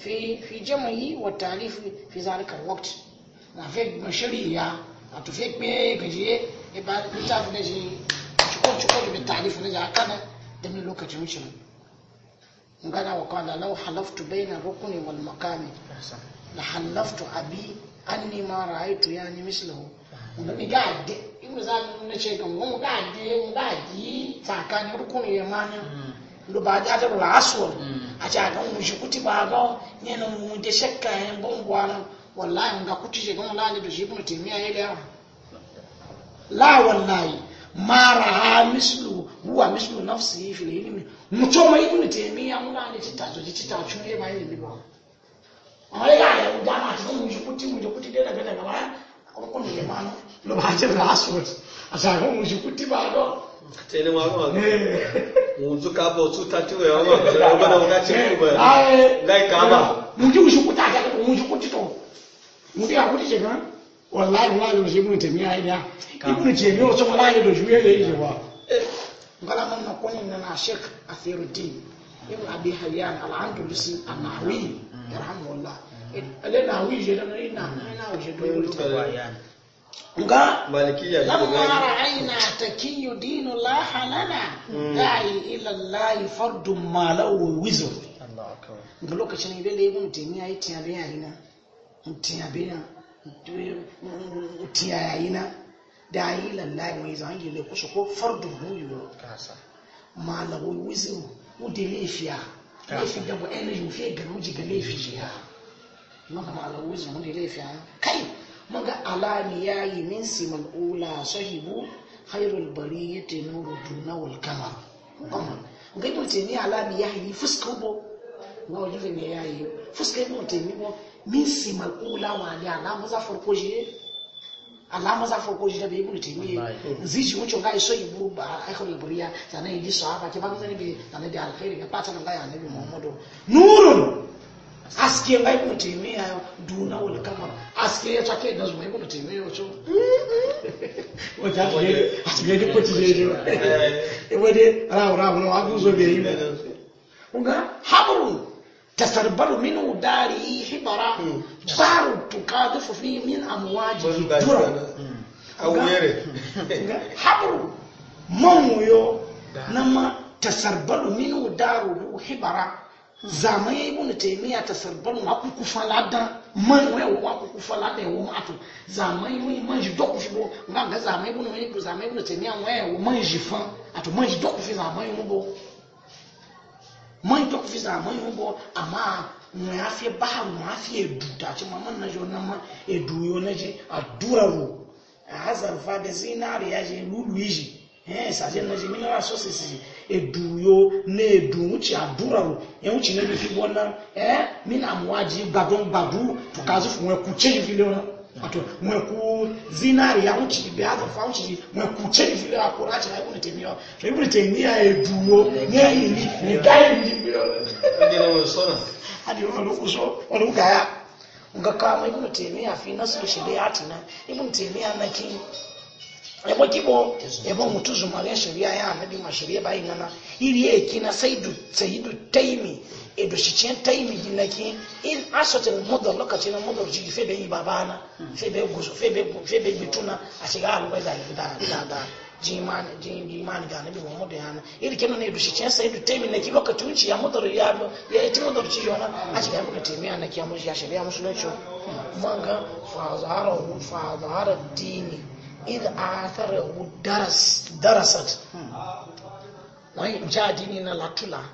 fi fi jam'i wa ta'rif fi zalika alwaqt na fe shari'a a to fe pe gajiye e ba litaf da shi cikon cikon da ta'rif na ja kana da min lokacin shi ngana wa kana law halaftu bayna rukni wal maqami la halaftu abi anni ma ra'aytu yani mislahu mun ga de ibnu zan na ce kan de tsakanin rukuni ya mani mm. lu a ci a gan wushi kuti ba ga ne na mu da shakka ya bon gwana wallahi ga kuti shi gan lalle da shi ibnu taymiya ya da la wallahi ma raha mislu huwa mislu nafsi fi ilmi mutum mai ibnu taymiya mun lalle ci ta zo ci ta cure ba ilmi ba amma ya ga da ma ci gan wushi kuti mu da kuti da daga daga ba kurkun da ma no lo ba ci rasul a sa gan wushi kuti ba ga tene mwa mwa unzu kabo tsutatiwe yawa obana unachikuba like aba mundi ushukutata umushukutito mundi akuti chega wallahi wallahi uzimu temi aida ibnu jemi ocho wallahi do na shekh athiruddin ibn an je na je do ga lamma ra'ayna takiyyu dinu la halana hmm. da'i ila Allah fardun ma lahu wizr ga lokacin idan da ibn taymiya yi na, yayina tiyabe tiyayina da'i ila Allah mai zangi ne kusa ko fardun huyu kasa ma lahu wizr wudi lafiya laifin da ba energy fi ga ruji ga laifi ya ma ma lahu wizr wudi lafiya kai maga alani ya yi min siman ula sahibu khairul bari ya te nuru duna wal kamar ga ibn taymi alani ya yi fuska bo na wajibi ne ya yi fuska ibn taymi bo min siman ula wa ne alama za farko shi alama za farko shi da bai ibn taymi zici wuce ga iso ibu ba khairul bari ya sanan yi sahaba ke ba mun ne bi sanan da alkhairi ga patan ga ya nabi muhammadu nurun ke ba ibn taymiya duna wal kamar aske ya take da zuwa ibn taymiya wato wata ne aske ne ko tije no abu zo be habru tasarbaru minu dari hibara saru hmm. tukadifu fi min amwaji tura au hmm. yere habru mamuyo nama tasarbaru hibara zama ya ibn taymiya tasarbar wa ku kufa ladan man wa wa ku kufa ladan wa ma to zama yi man ji doku fi bo nga ga zama ibn mai zama ibn taymiya wa wa man ji fa ato man ji doku fi zama yi bo man doku fi zama yi bo amma mu ya fi ba mu ya fi edu ta ci mamman na jo na ma edu yo na ji a a ro hazarfa da ya je lulu yi ji. eh sajen na jimi na so eduyo na edu uchi adura o ye uchi na bifi bona eh mi na muaji gbadon gbadu to kazu fun we ku change vile ona ato mwe ku zinari ya uchi be azo fa uchi mwe ku change vile akora achi na ibu nitemio to ibu nitemia eduyo ye ili ni dai ni ndilo ndilo sona hadi ono lukuso ono ukaya ngakama ibu nitemia fi nasu shariatina ibu nitemia na kinyo yabo kibo yabo mutuzu mare shari'a ya annabi ma ba bai nana iri yake na saidu edu taimi edo shicen taimi ki in fɛ mudar lokacin mudar ji fe bai babana fe bai guso fe bɛ bituna a shiga alwai da da da jimani jimani ga annabi Muhammad yana iri kenan ne edo shicen saidu taimi na ki lokacin ci ya mudar ya ya ita mudar ci yana a shiga muka taimi ana ki ya shari'a musulunci manga fa zahara fa zahara dini iz athara daras darasat wai ja dini na latula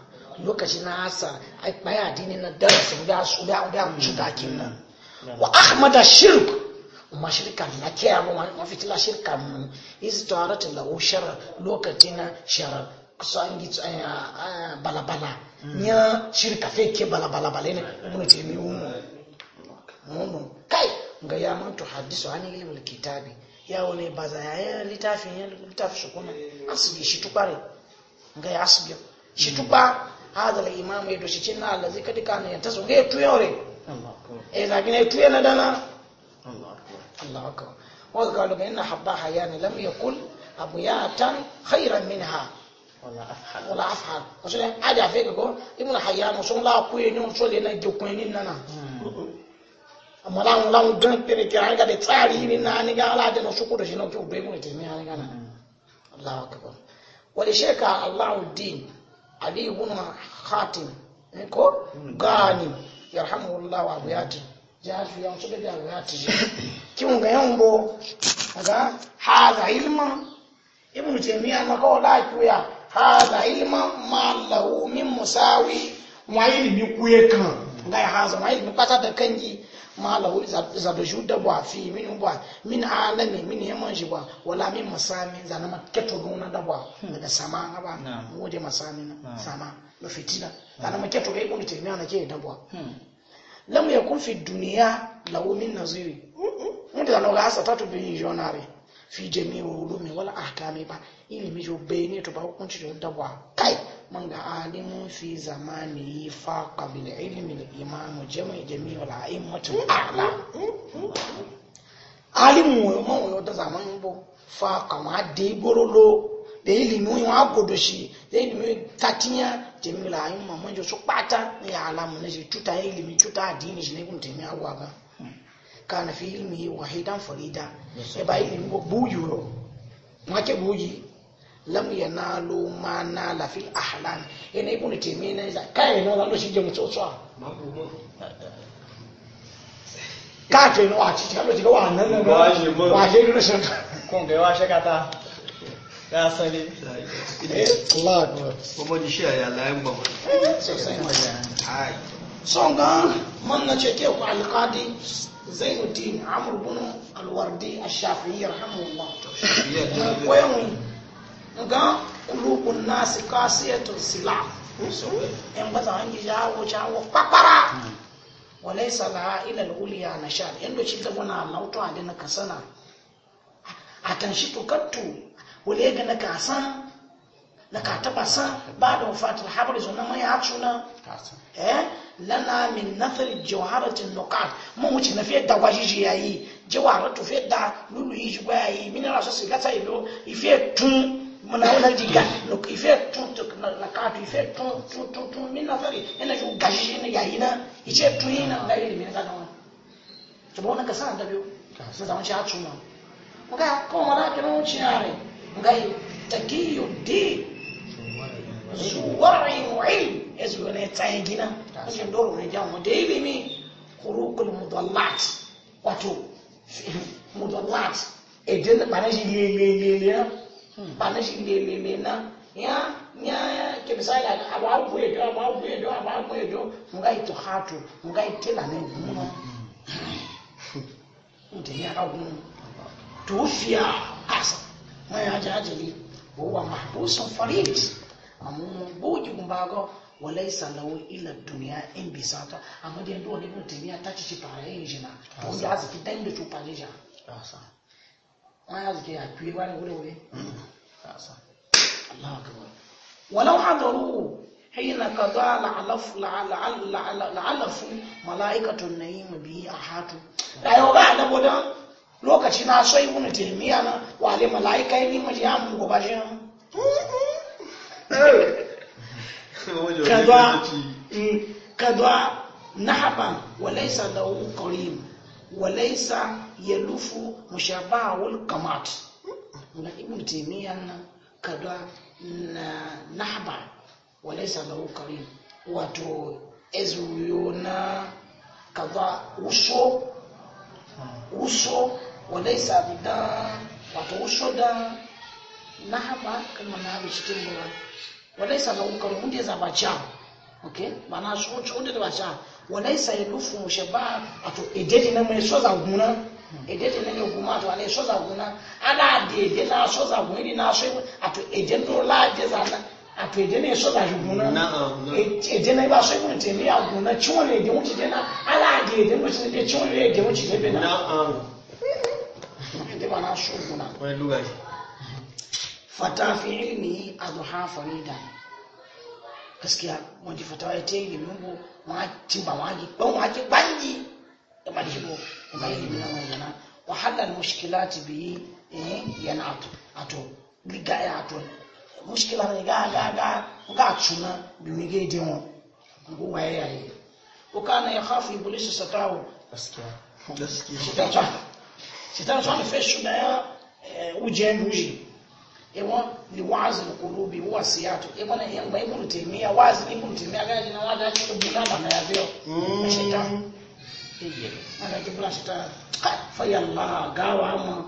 lokaci na asa ai baya dini na darasa da su da da mu da kin nan wa ahmada shirk ma shirka na ke abu ma fitila shirka mun iz tarat la shara lokacin shara kusan gitu eh, eh, balabala nya shirka fake balabala balene mun te mi umu mun kai ga ya man to hadisu an ilmul kitabi yawo ne ba za yayin littafin ya littafi shi asibi ya asibi shi tuba hadal imamu ya doshi cin na allazi kadi ya taso nga ya tuyo E eh zagi na dana Allah akbar wa qalu inna habba hayani lam yakul abuyatan khairan minha wala afhal wasu ne aja fe ko ibnu hayyan sun la kuye ni sun le na jokun ni nana hmm. amma lan lan gan tere ke an ga da tsari irin na ni ga ala da na suku da shi na ke ubai mun ke mai an ga na Allahu akbar wal sheka Allahu din Ali ibn Khatim ko gani yarhamuhullahu abu yati jafi ya su da abu yati kin ga yan bo ga hada ilma ibn jami'a na ko la kuya hada ilma ma lahu min musawi wa ilmi kuye kan ga hada ma ilmi pata da kanji malahu izabaju da bwa fi min bwa min alami min yaman shi bwa wala min masamin zana ma keto duna da bwa daga sama na ba mu je masamin sama na fitina zana ma keto ga ibnu taymiya na ke da bwa lam yakun fi dunya lahu min naziri mun da na ga asata to bi jonare fi jami'i ulumi wala ahkami ba ilimi jo bayani to ba hukunci jo dabwa kai man ga alimun fi zamani fa qabil ilmi al imam jami'i jami'i wal a'immatu ala alimu mo yo da zamani bo fa kama de borolo da ilimi wa godo shi da ilimi tatiya jami'i al a'immatu jo su pata ya alamu ne shi tuta ilimi tuta addini shi ne kun temi agwa ga كان في علمه وحيدا فريدا يبقى بوجه ما كبوجي لم ينالوا ما نال في الاحلام هنا ابن تيميه نزا كاين والله شي جمع تصوا كاتين واش تي لو جوا نن نن واش واش يقولوا شنو كون غير واش كاتا يا سالي الله اكبر بابا دي شي يا لا يما سو سين ما جان هاي سونغ من نجي كيو على القاضي zainuddin amur bin alwardi a shafi yi rahamullah don koyon ga kulubun nasu kasiyatun sila yan baza hangi jawo jawo kwakwara wale sala ilal uliya na sha yan da shi gaba na nautu a dina ka sana a tan shi tukattu wale ga na ka na ka taba san ba da wufatar habari zo na lana min nathri jawharatin nuqat mun wuce na fiye da gwajiji yayi jawaratu fiye da lulu yi ji yayi min rasu sigata ilo ife tun muna wannan jiga ife tun tuk na nakatu ife tun tun tun tun min nathri ina ju gajiji na yayi na ice tun yi na gari min ka dawo to bona ka san da biyo sun zama shi a tuma ga ko mara kira mu ci yare ga takiyuddin zuwa'i mu'in ya zuwa na tsaye gina wajen doro na jan wanda ilimi kurukul mudallat wato mudallat edin ba na shi lelelele na ba na shi lelele na ya ya ke misali abu abu edo abu abu edo abu abu edo nga ito hatu nga itela na ibuna nde ya ragun tufiya asa mai ajajali huwa mahbusun farid amma bugi gumbago walaisa lawo ila duniya in bisata amma dai duk wani mutum ya tace shi fara yin jina to ya zafi dan da cupa ne ja asa ya aziki ya kuyi wani wuri wuri hmm. asa Allahu akbar walau hadaru حين قضى لعلف لعلف ملائكة النعيم به أحاط لا يوقع نبدا lokaci na so yi wani tilmiya na wale mala'ika yi ni maji ya mu gobashin قضاء قضاء نحبا yalufu له قريب وليس يلف مشابه والقمات ابن تيمية قضاء نحبا وليس له قريب wato ezuriyo na kaza wuso wuso wanda da wato wuso da na haɓa cikin bura وليس له كرم دي زباجان اوكي معناها شو شو دي زباجان وليس يلف مشبع اتو ايدي نما يسو زغونا ايدي نما يغوما تو على يسو زغونا انا دي دي لا سو زغونا دي نا سو اتو ايدي نو لا دي زانا اتو ايدي نما يسو زغونا نعم ايدي نما يبا سو كنت مي اغونا تشون ايدي وتي دي نا انا دي دي نو تشون ايدي وتي دي بنا نعم دي معناها شو غونا وين لوغاي fata fi ilmi a duha farida gaskiya wani fata ya ce yi nungu ba wajen ban wajen banji ba shi ko ba na wani yana wahalar mushkila ta biyi yana ato ato riga ya ato mushkila ne ga ga ga ga tuna domin ga idin wa ko waye yayi ko kana ya khafu iblis satawo gaskiya gaskiya shi ta shi ta da ya ujen ruji ibon mm. ni wazi kulubi wa siyatu ibon yan bai mun temiya wazin ibn temiya ga ni na da ni bula da na yazo shita ana ki bula shita fa yalla gawa ma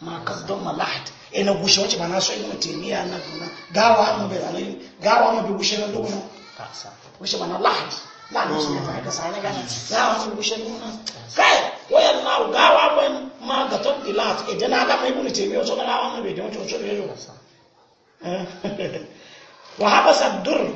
ma kasdon malahat ina gushe wace ba na na duna gawa mu bai zalai gawa mu bi na duna kasa gushe ba lahat lahat mm. ne ta ka gawa mu gushe na kai wayan na gawa ban ma ga ton ilat idan eh, na ga mai bulu ce mai wasu gawa mai bai wato wato bai wato wa haba sabdur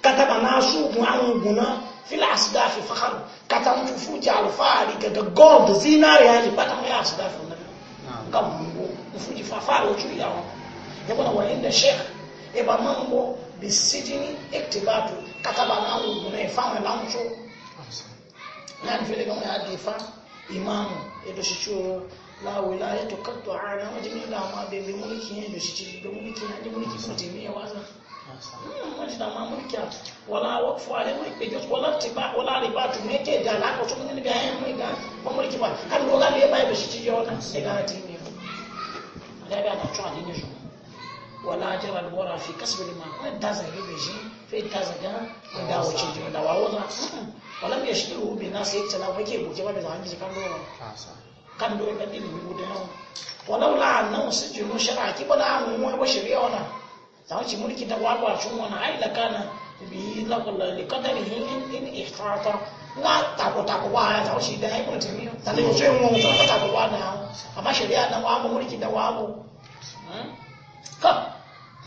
kataba nasu an guna fil asdafi fakhar katam tu fuja al fari ga gold zinari ya libata mai asdafi wannan kan mungo fuji fa fari wato ya wa ya bana wa inda sheikh e ba mambo bisijini iktibatu kataba na an guna e fama lamso na nufi daga mai hadifa imamu ya da shi ciwo la wilaya to kaddo na wajen yin ma da bai mulki ne da shi ci da mulki na da mulki suna ce mai yawa wani da ma mulki a wala wakfu a da mulki da wala tiba wala riba to me ke da laka to kuma ne bai hayan ba mulki ba har roga bai da shi ci yawa kan sai ga ta ne da ga na cewa din ne wala jaral wara fi kasbil ma da zai bai shi فإن كذا كان عنده وجه من دواوضنا ولم يشتروه بالناس يتلا فكي بوجه ما بيزعل جزء كان دورا كان دورا كان دين بيبودنا ولولا أنه سجن شرع كي بلا عمو وشريعنا زمان شي ملكي دوار واشون وانا أي لكان لقدره إن إن إحتاطا na takwa-takwa ya zama shi da haifar tumi sannan yau sai mun takwa-takwa na amma shari'a na wabo mulki da wabo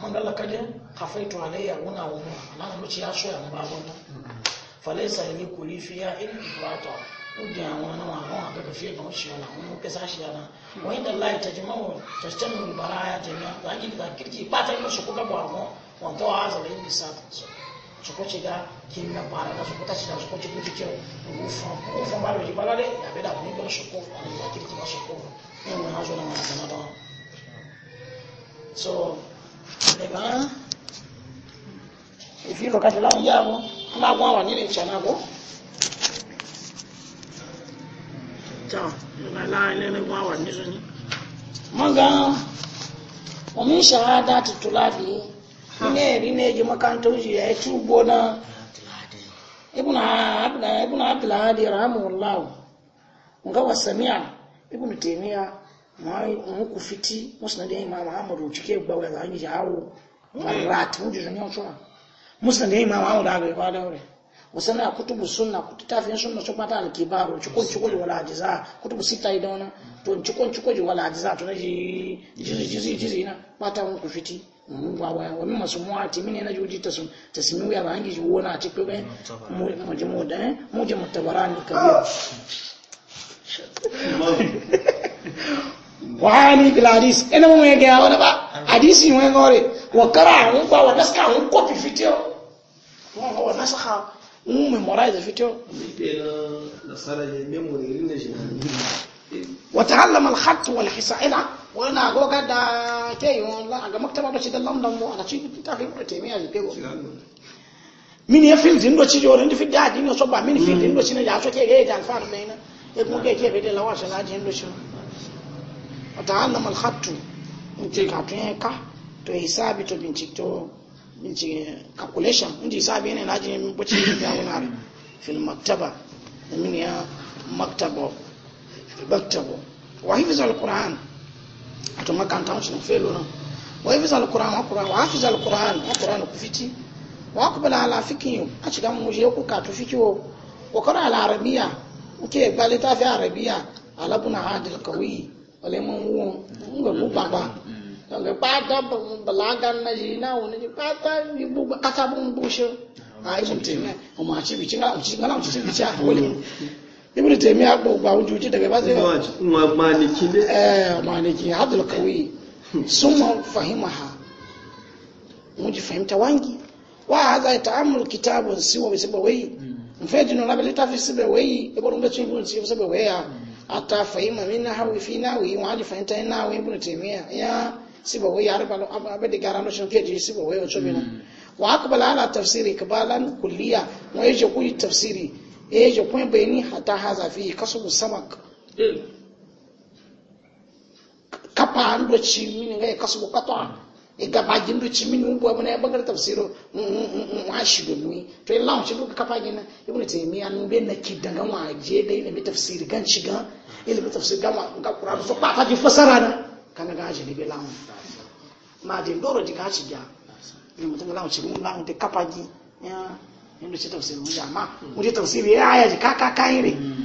mangala kadin khafaitu alayya wana wa mu na mu ci ya so ya ba wona falaisa ni kuli fiya in ifrata udi awon na wa ha ga fiye ba shi na mu ke sa shi na wa inda allah tajma'u tajtamu baraya jami'a da ji da kirki ba ta musu kuka ba mu wa to azal in bisat su ko ci ga kin na bara da su ko ta ci da su ko ci ku ci ku fa ku fa ba ji balale ya be da ni ba su ko da kirki ba su ko ne mu ha zo na da so ìfihàn kàtí láwọn yá wọn wọn bá wọn wà nínú ìṣẹ̀nà kó. tán nígbà omi ṣàádá tuntun láti ilé ẹ̀rí ní yìí ẹ̀ tún gbóná ibùnà abdulhadi nga wa samiya ibùnà muku fiti na da imam ahmad cike gbawa za yi jawo marat mu jizan yau tsoron musna da imam ahmad abai ba daure wasan na kutubu sunna kutu tafiyan sunna su mata alkibaru ciko ciko ji wala ajiza kutubu sita yi dauna to ciko ciko ji wala ajiza to na ji jizi jizi jizi na mata muku fiti mun ba wa wani masu mu ati mine na juji ta sun ta simi wuya ba hangi ji wona a cikin bai mu ji mu da eh? mu ji mu tabarani kabiru wani bila hadisi ɗanin mun yake yawon ba hadisi yi wani ore wa kara hun kwa wa naska hun kofi fito wa naska hun memorize fito wata halama alhatu wani hisa ina wani agoga da ke yi wani a ga maktaba da shi da lamdan mu a cikin ta fi kuɗa ta yi miya jike min ya fil dindo ci yoro ndi fi daadi ni so ba min fil dindo ci na ya so ke ge jan far me na e ko ge ke be de la wa sala dindo ci wata'allama alhattu inji ka ya ka to hisabi to bincikto bincike calculation inji hisabi yana laji ne bacci da wani fil maktaba da min ya maktaba fil maktaba wa hifz alquran to makanta wancin felo nan wa hifz alquran wa quran wa hafiz alquran wa quran ku fiti wa kubala ala fikiyo a cikin mu je ku ka to fikiyo wa qara ala arabiya kuke gbalita fi arabiya alabuna hadil qawi bale mun wọn n gbẹ kú pàpà tọ̀gẹ̀ pátá balaga na yìí náà wọn ni pátá ibú kátà bó ń bó ṣe àyè sùn tèmi ọmọ àti ìbìtì ńlá òtítì ńlá òtítì ìbìtì àkọlé ibùdó tèmi àgbọ̀ ògbà ojú ojú dẹ̀gẹ̀ bá ti rẹ̀ ọmọ àníkì ẹ̀ ọmọ àníkì adùlọ̀kọ̀wé summa fahimaha muji fahimta wangi wa hadha yataamul kitabu siwa bisaba wei hmm. mfeji no labelita visibe wei eborumbetsu ibunsi bisaba wei ata fahima min nahwi fi nahwi wa ali fahimta in nahwi ibn taymiya ya siba wai yar balo abadi garano shon ke ji sibo wai o na. wa aqbala ala tafsiri ikbalan kulliya wa yaje ku tafsiri yaje ku bayani hatta haza fi kasu samak eh. kapa ando chi min ngai kasu katwa igabagin do cimin ubu abuna ya bagar tafsiro mm, mm, mm, wa shi do mu to in lawo shi do kapagi na ibn taymiya nun be na kidan ga wa je da ilimi tafsir gan shi ga ilimi tafsir ga ga qur'an so ba ta ji fasara na kan ga ji be lawo ma de doro ji ga shi ga ni mutum lawo shi mun lawo de kapagi ya inda shi tafsir mu jama mu hmm. je tafsir ya ya ji ka ka kaire hmm.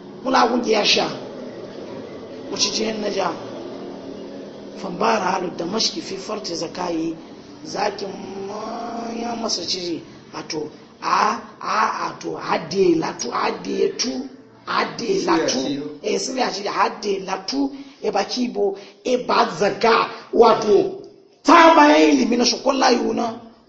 kula wuge ya sha wuce jihin naja fambara halu da mashki fi farce zakayi zakin ya masa ciri a to a a a to hadde latu hadde tu hadde latu e eh, sun ya ciri hadde latu e ba kibo e ba zaka wato ta bayan ilimi na shokola yuna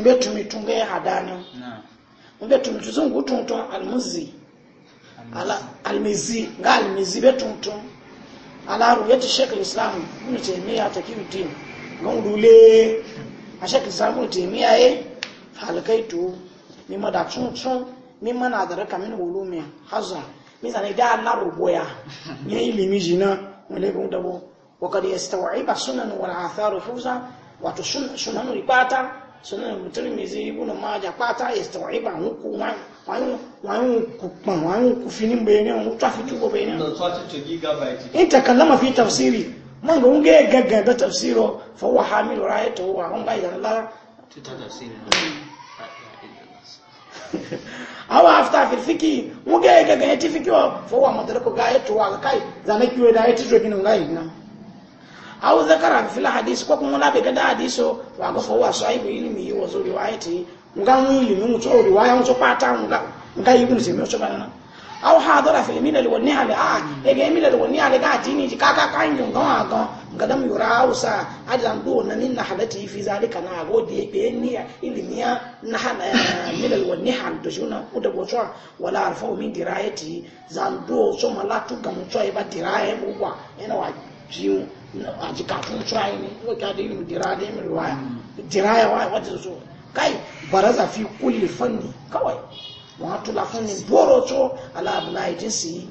mbe tumi tunga ya hadana mbe tumi tuzungu tuntun almuzi almizi ga almizi be tuntun ala ruyati shekul islam ibn taymiya takiuddin gon dule a shekul islam ibn taymiya ye halkaitu mi mada tuntun mi mana da raka min haza hazza mi zane da Allah ruboya ne ilimi jina wale gun dabo wa kad yastaw'iba sunan wal athar fawza wato sunan ribata sunan mutirmizi ibn maja pata istighaba huku wani wani kupan wani kufinin bayani wani tafi tubo bayani in takallama fi tafsiri man ga unge gaggan da tafsiro fa wa hamilu ra'ayatu wa hum bayda Allah ta tafsiri awa afta fil fiki unge gaggan ya tifiki wa fa wa madraku ga yatu wa kai zanaki we da yatu jogin ngai na au zakara fil hadisi ko kuma na bega da hadiso wa ga fawa sahibu ilmi wa zu riwayati nga mu ilmi mu to riwaya mu to pata nga nga ibnu simi to bana au hadara fil min al wani hal a ah, e ga min al wani hal ga tini ji kaka kan yun ga ga ga dam yura usa ajan do na nin hadati fi zalika na gode be ni ilmi ya na hal min al wani hal to juna u da gocho wala arfa min dirayati zan do so malatu ga mu ba diraye bugwa ina wa jiu a ji kafin tsaye ne ko ka da yin dira da yin riwaya dira ya waya wajen so kai baraza fi kulli fanni kawai Mun wa tula fanni boro to ala abna jinsi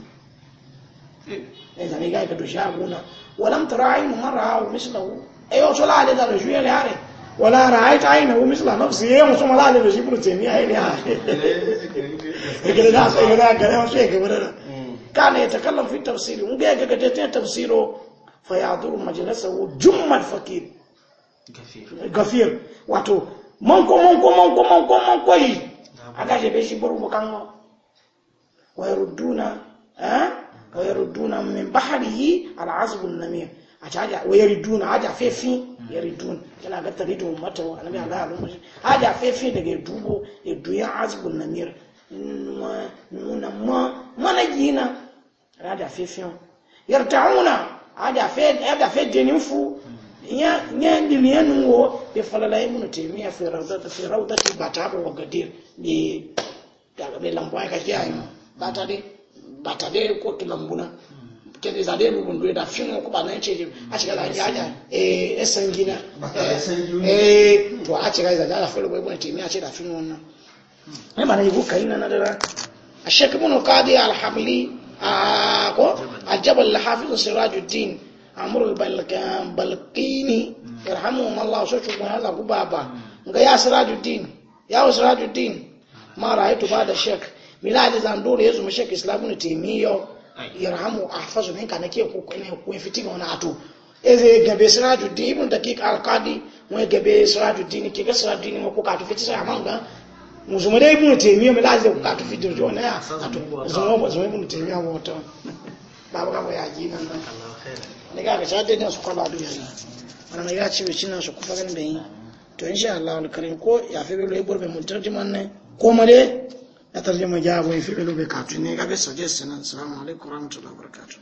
ne eh, zane ga ka dusha guna walam tara ayin mara wa mislahu eh, ayo so la da da juye yare wala ra'aita aina wa misla nafsi yayin eh, so mala da shi burtani yayi ne ha kire da sai ga ga ne so ya ga baraza kana ya takallam fi tafsiri mun ga ga ta tafsiro fayadur majalasahu duru jummal fakir gafir wato manko manko manko manko manko yi aga bai shi buru bukango wa yarudduna eh wa yarudduna min bahrihi al azb an namim aja wa yarudduna aja fefi yarudduna kana ga taridu mata wa annabi Allah rubuta aja fefi daga dubo e duya azb an namir nuna ma mana gina aja fefi yarta'una adafe dinin fu ya dini ya nungo ya falala ya munu temi ya firauta ti ba ta abu wa gadir ne tagabe lambu ya kake yayi ba ta dai ba ko tu lambuna ke zade bu bundu da fin ko ba nan ce a cika da ya ya eh esan gina eh e, to a cika da da fulu bai temi a ce da fin wannan ne ma ne ku kai na hmm. na a shekaru kadi alhamli Ah, ko a hafi ajabal siraju din amru balkini irhamu allah so chugo ya zaku baba ga ya siraju din ya din ma ra'aytu ba da shek miladi zanduru yezu mu shek islamun timiyo yarhamu ahfazu min kana ke ku ne ku ga wani ato eze gabe sirajuddin ibn daqiq alqadi mu gabe din ke ga din mu ku ka tu fitina amma musulmi dai ibn taymiya mi laje ku ka to fitir jo na ya to musulmi ba musulmi babu ka ya ji nan nan ne ga ga su kwala du ana ci su da yi to insha Allah alkarim ko ya fi bi lebur be mun ne ko ma dai ya ja fi bi be ka ga be suggestion assalamu alaikum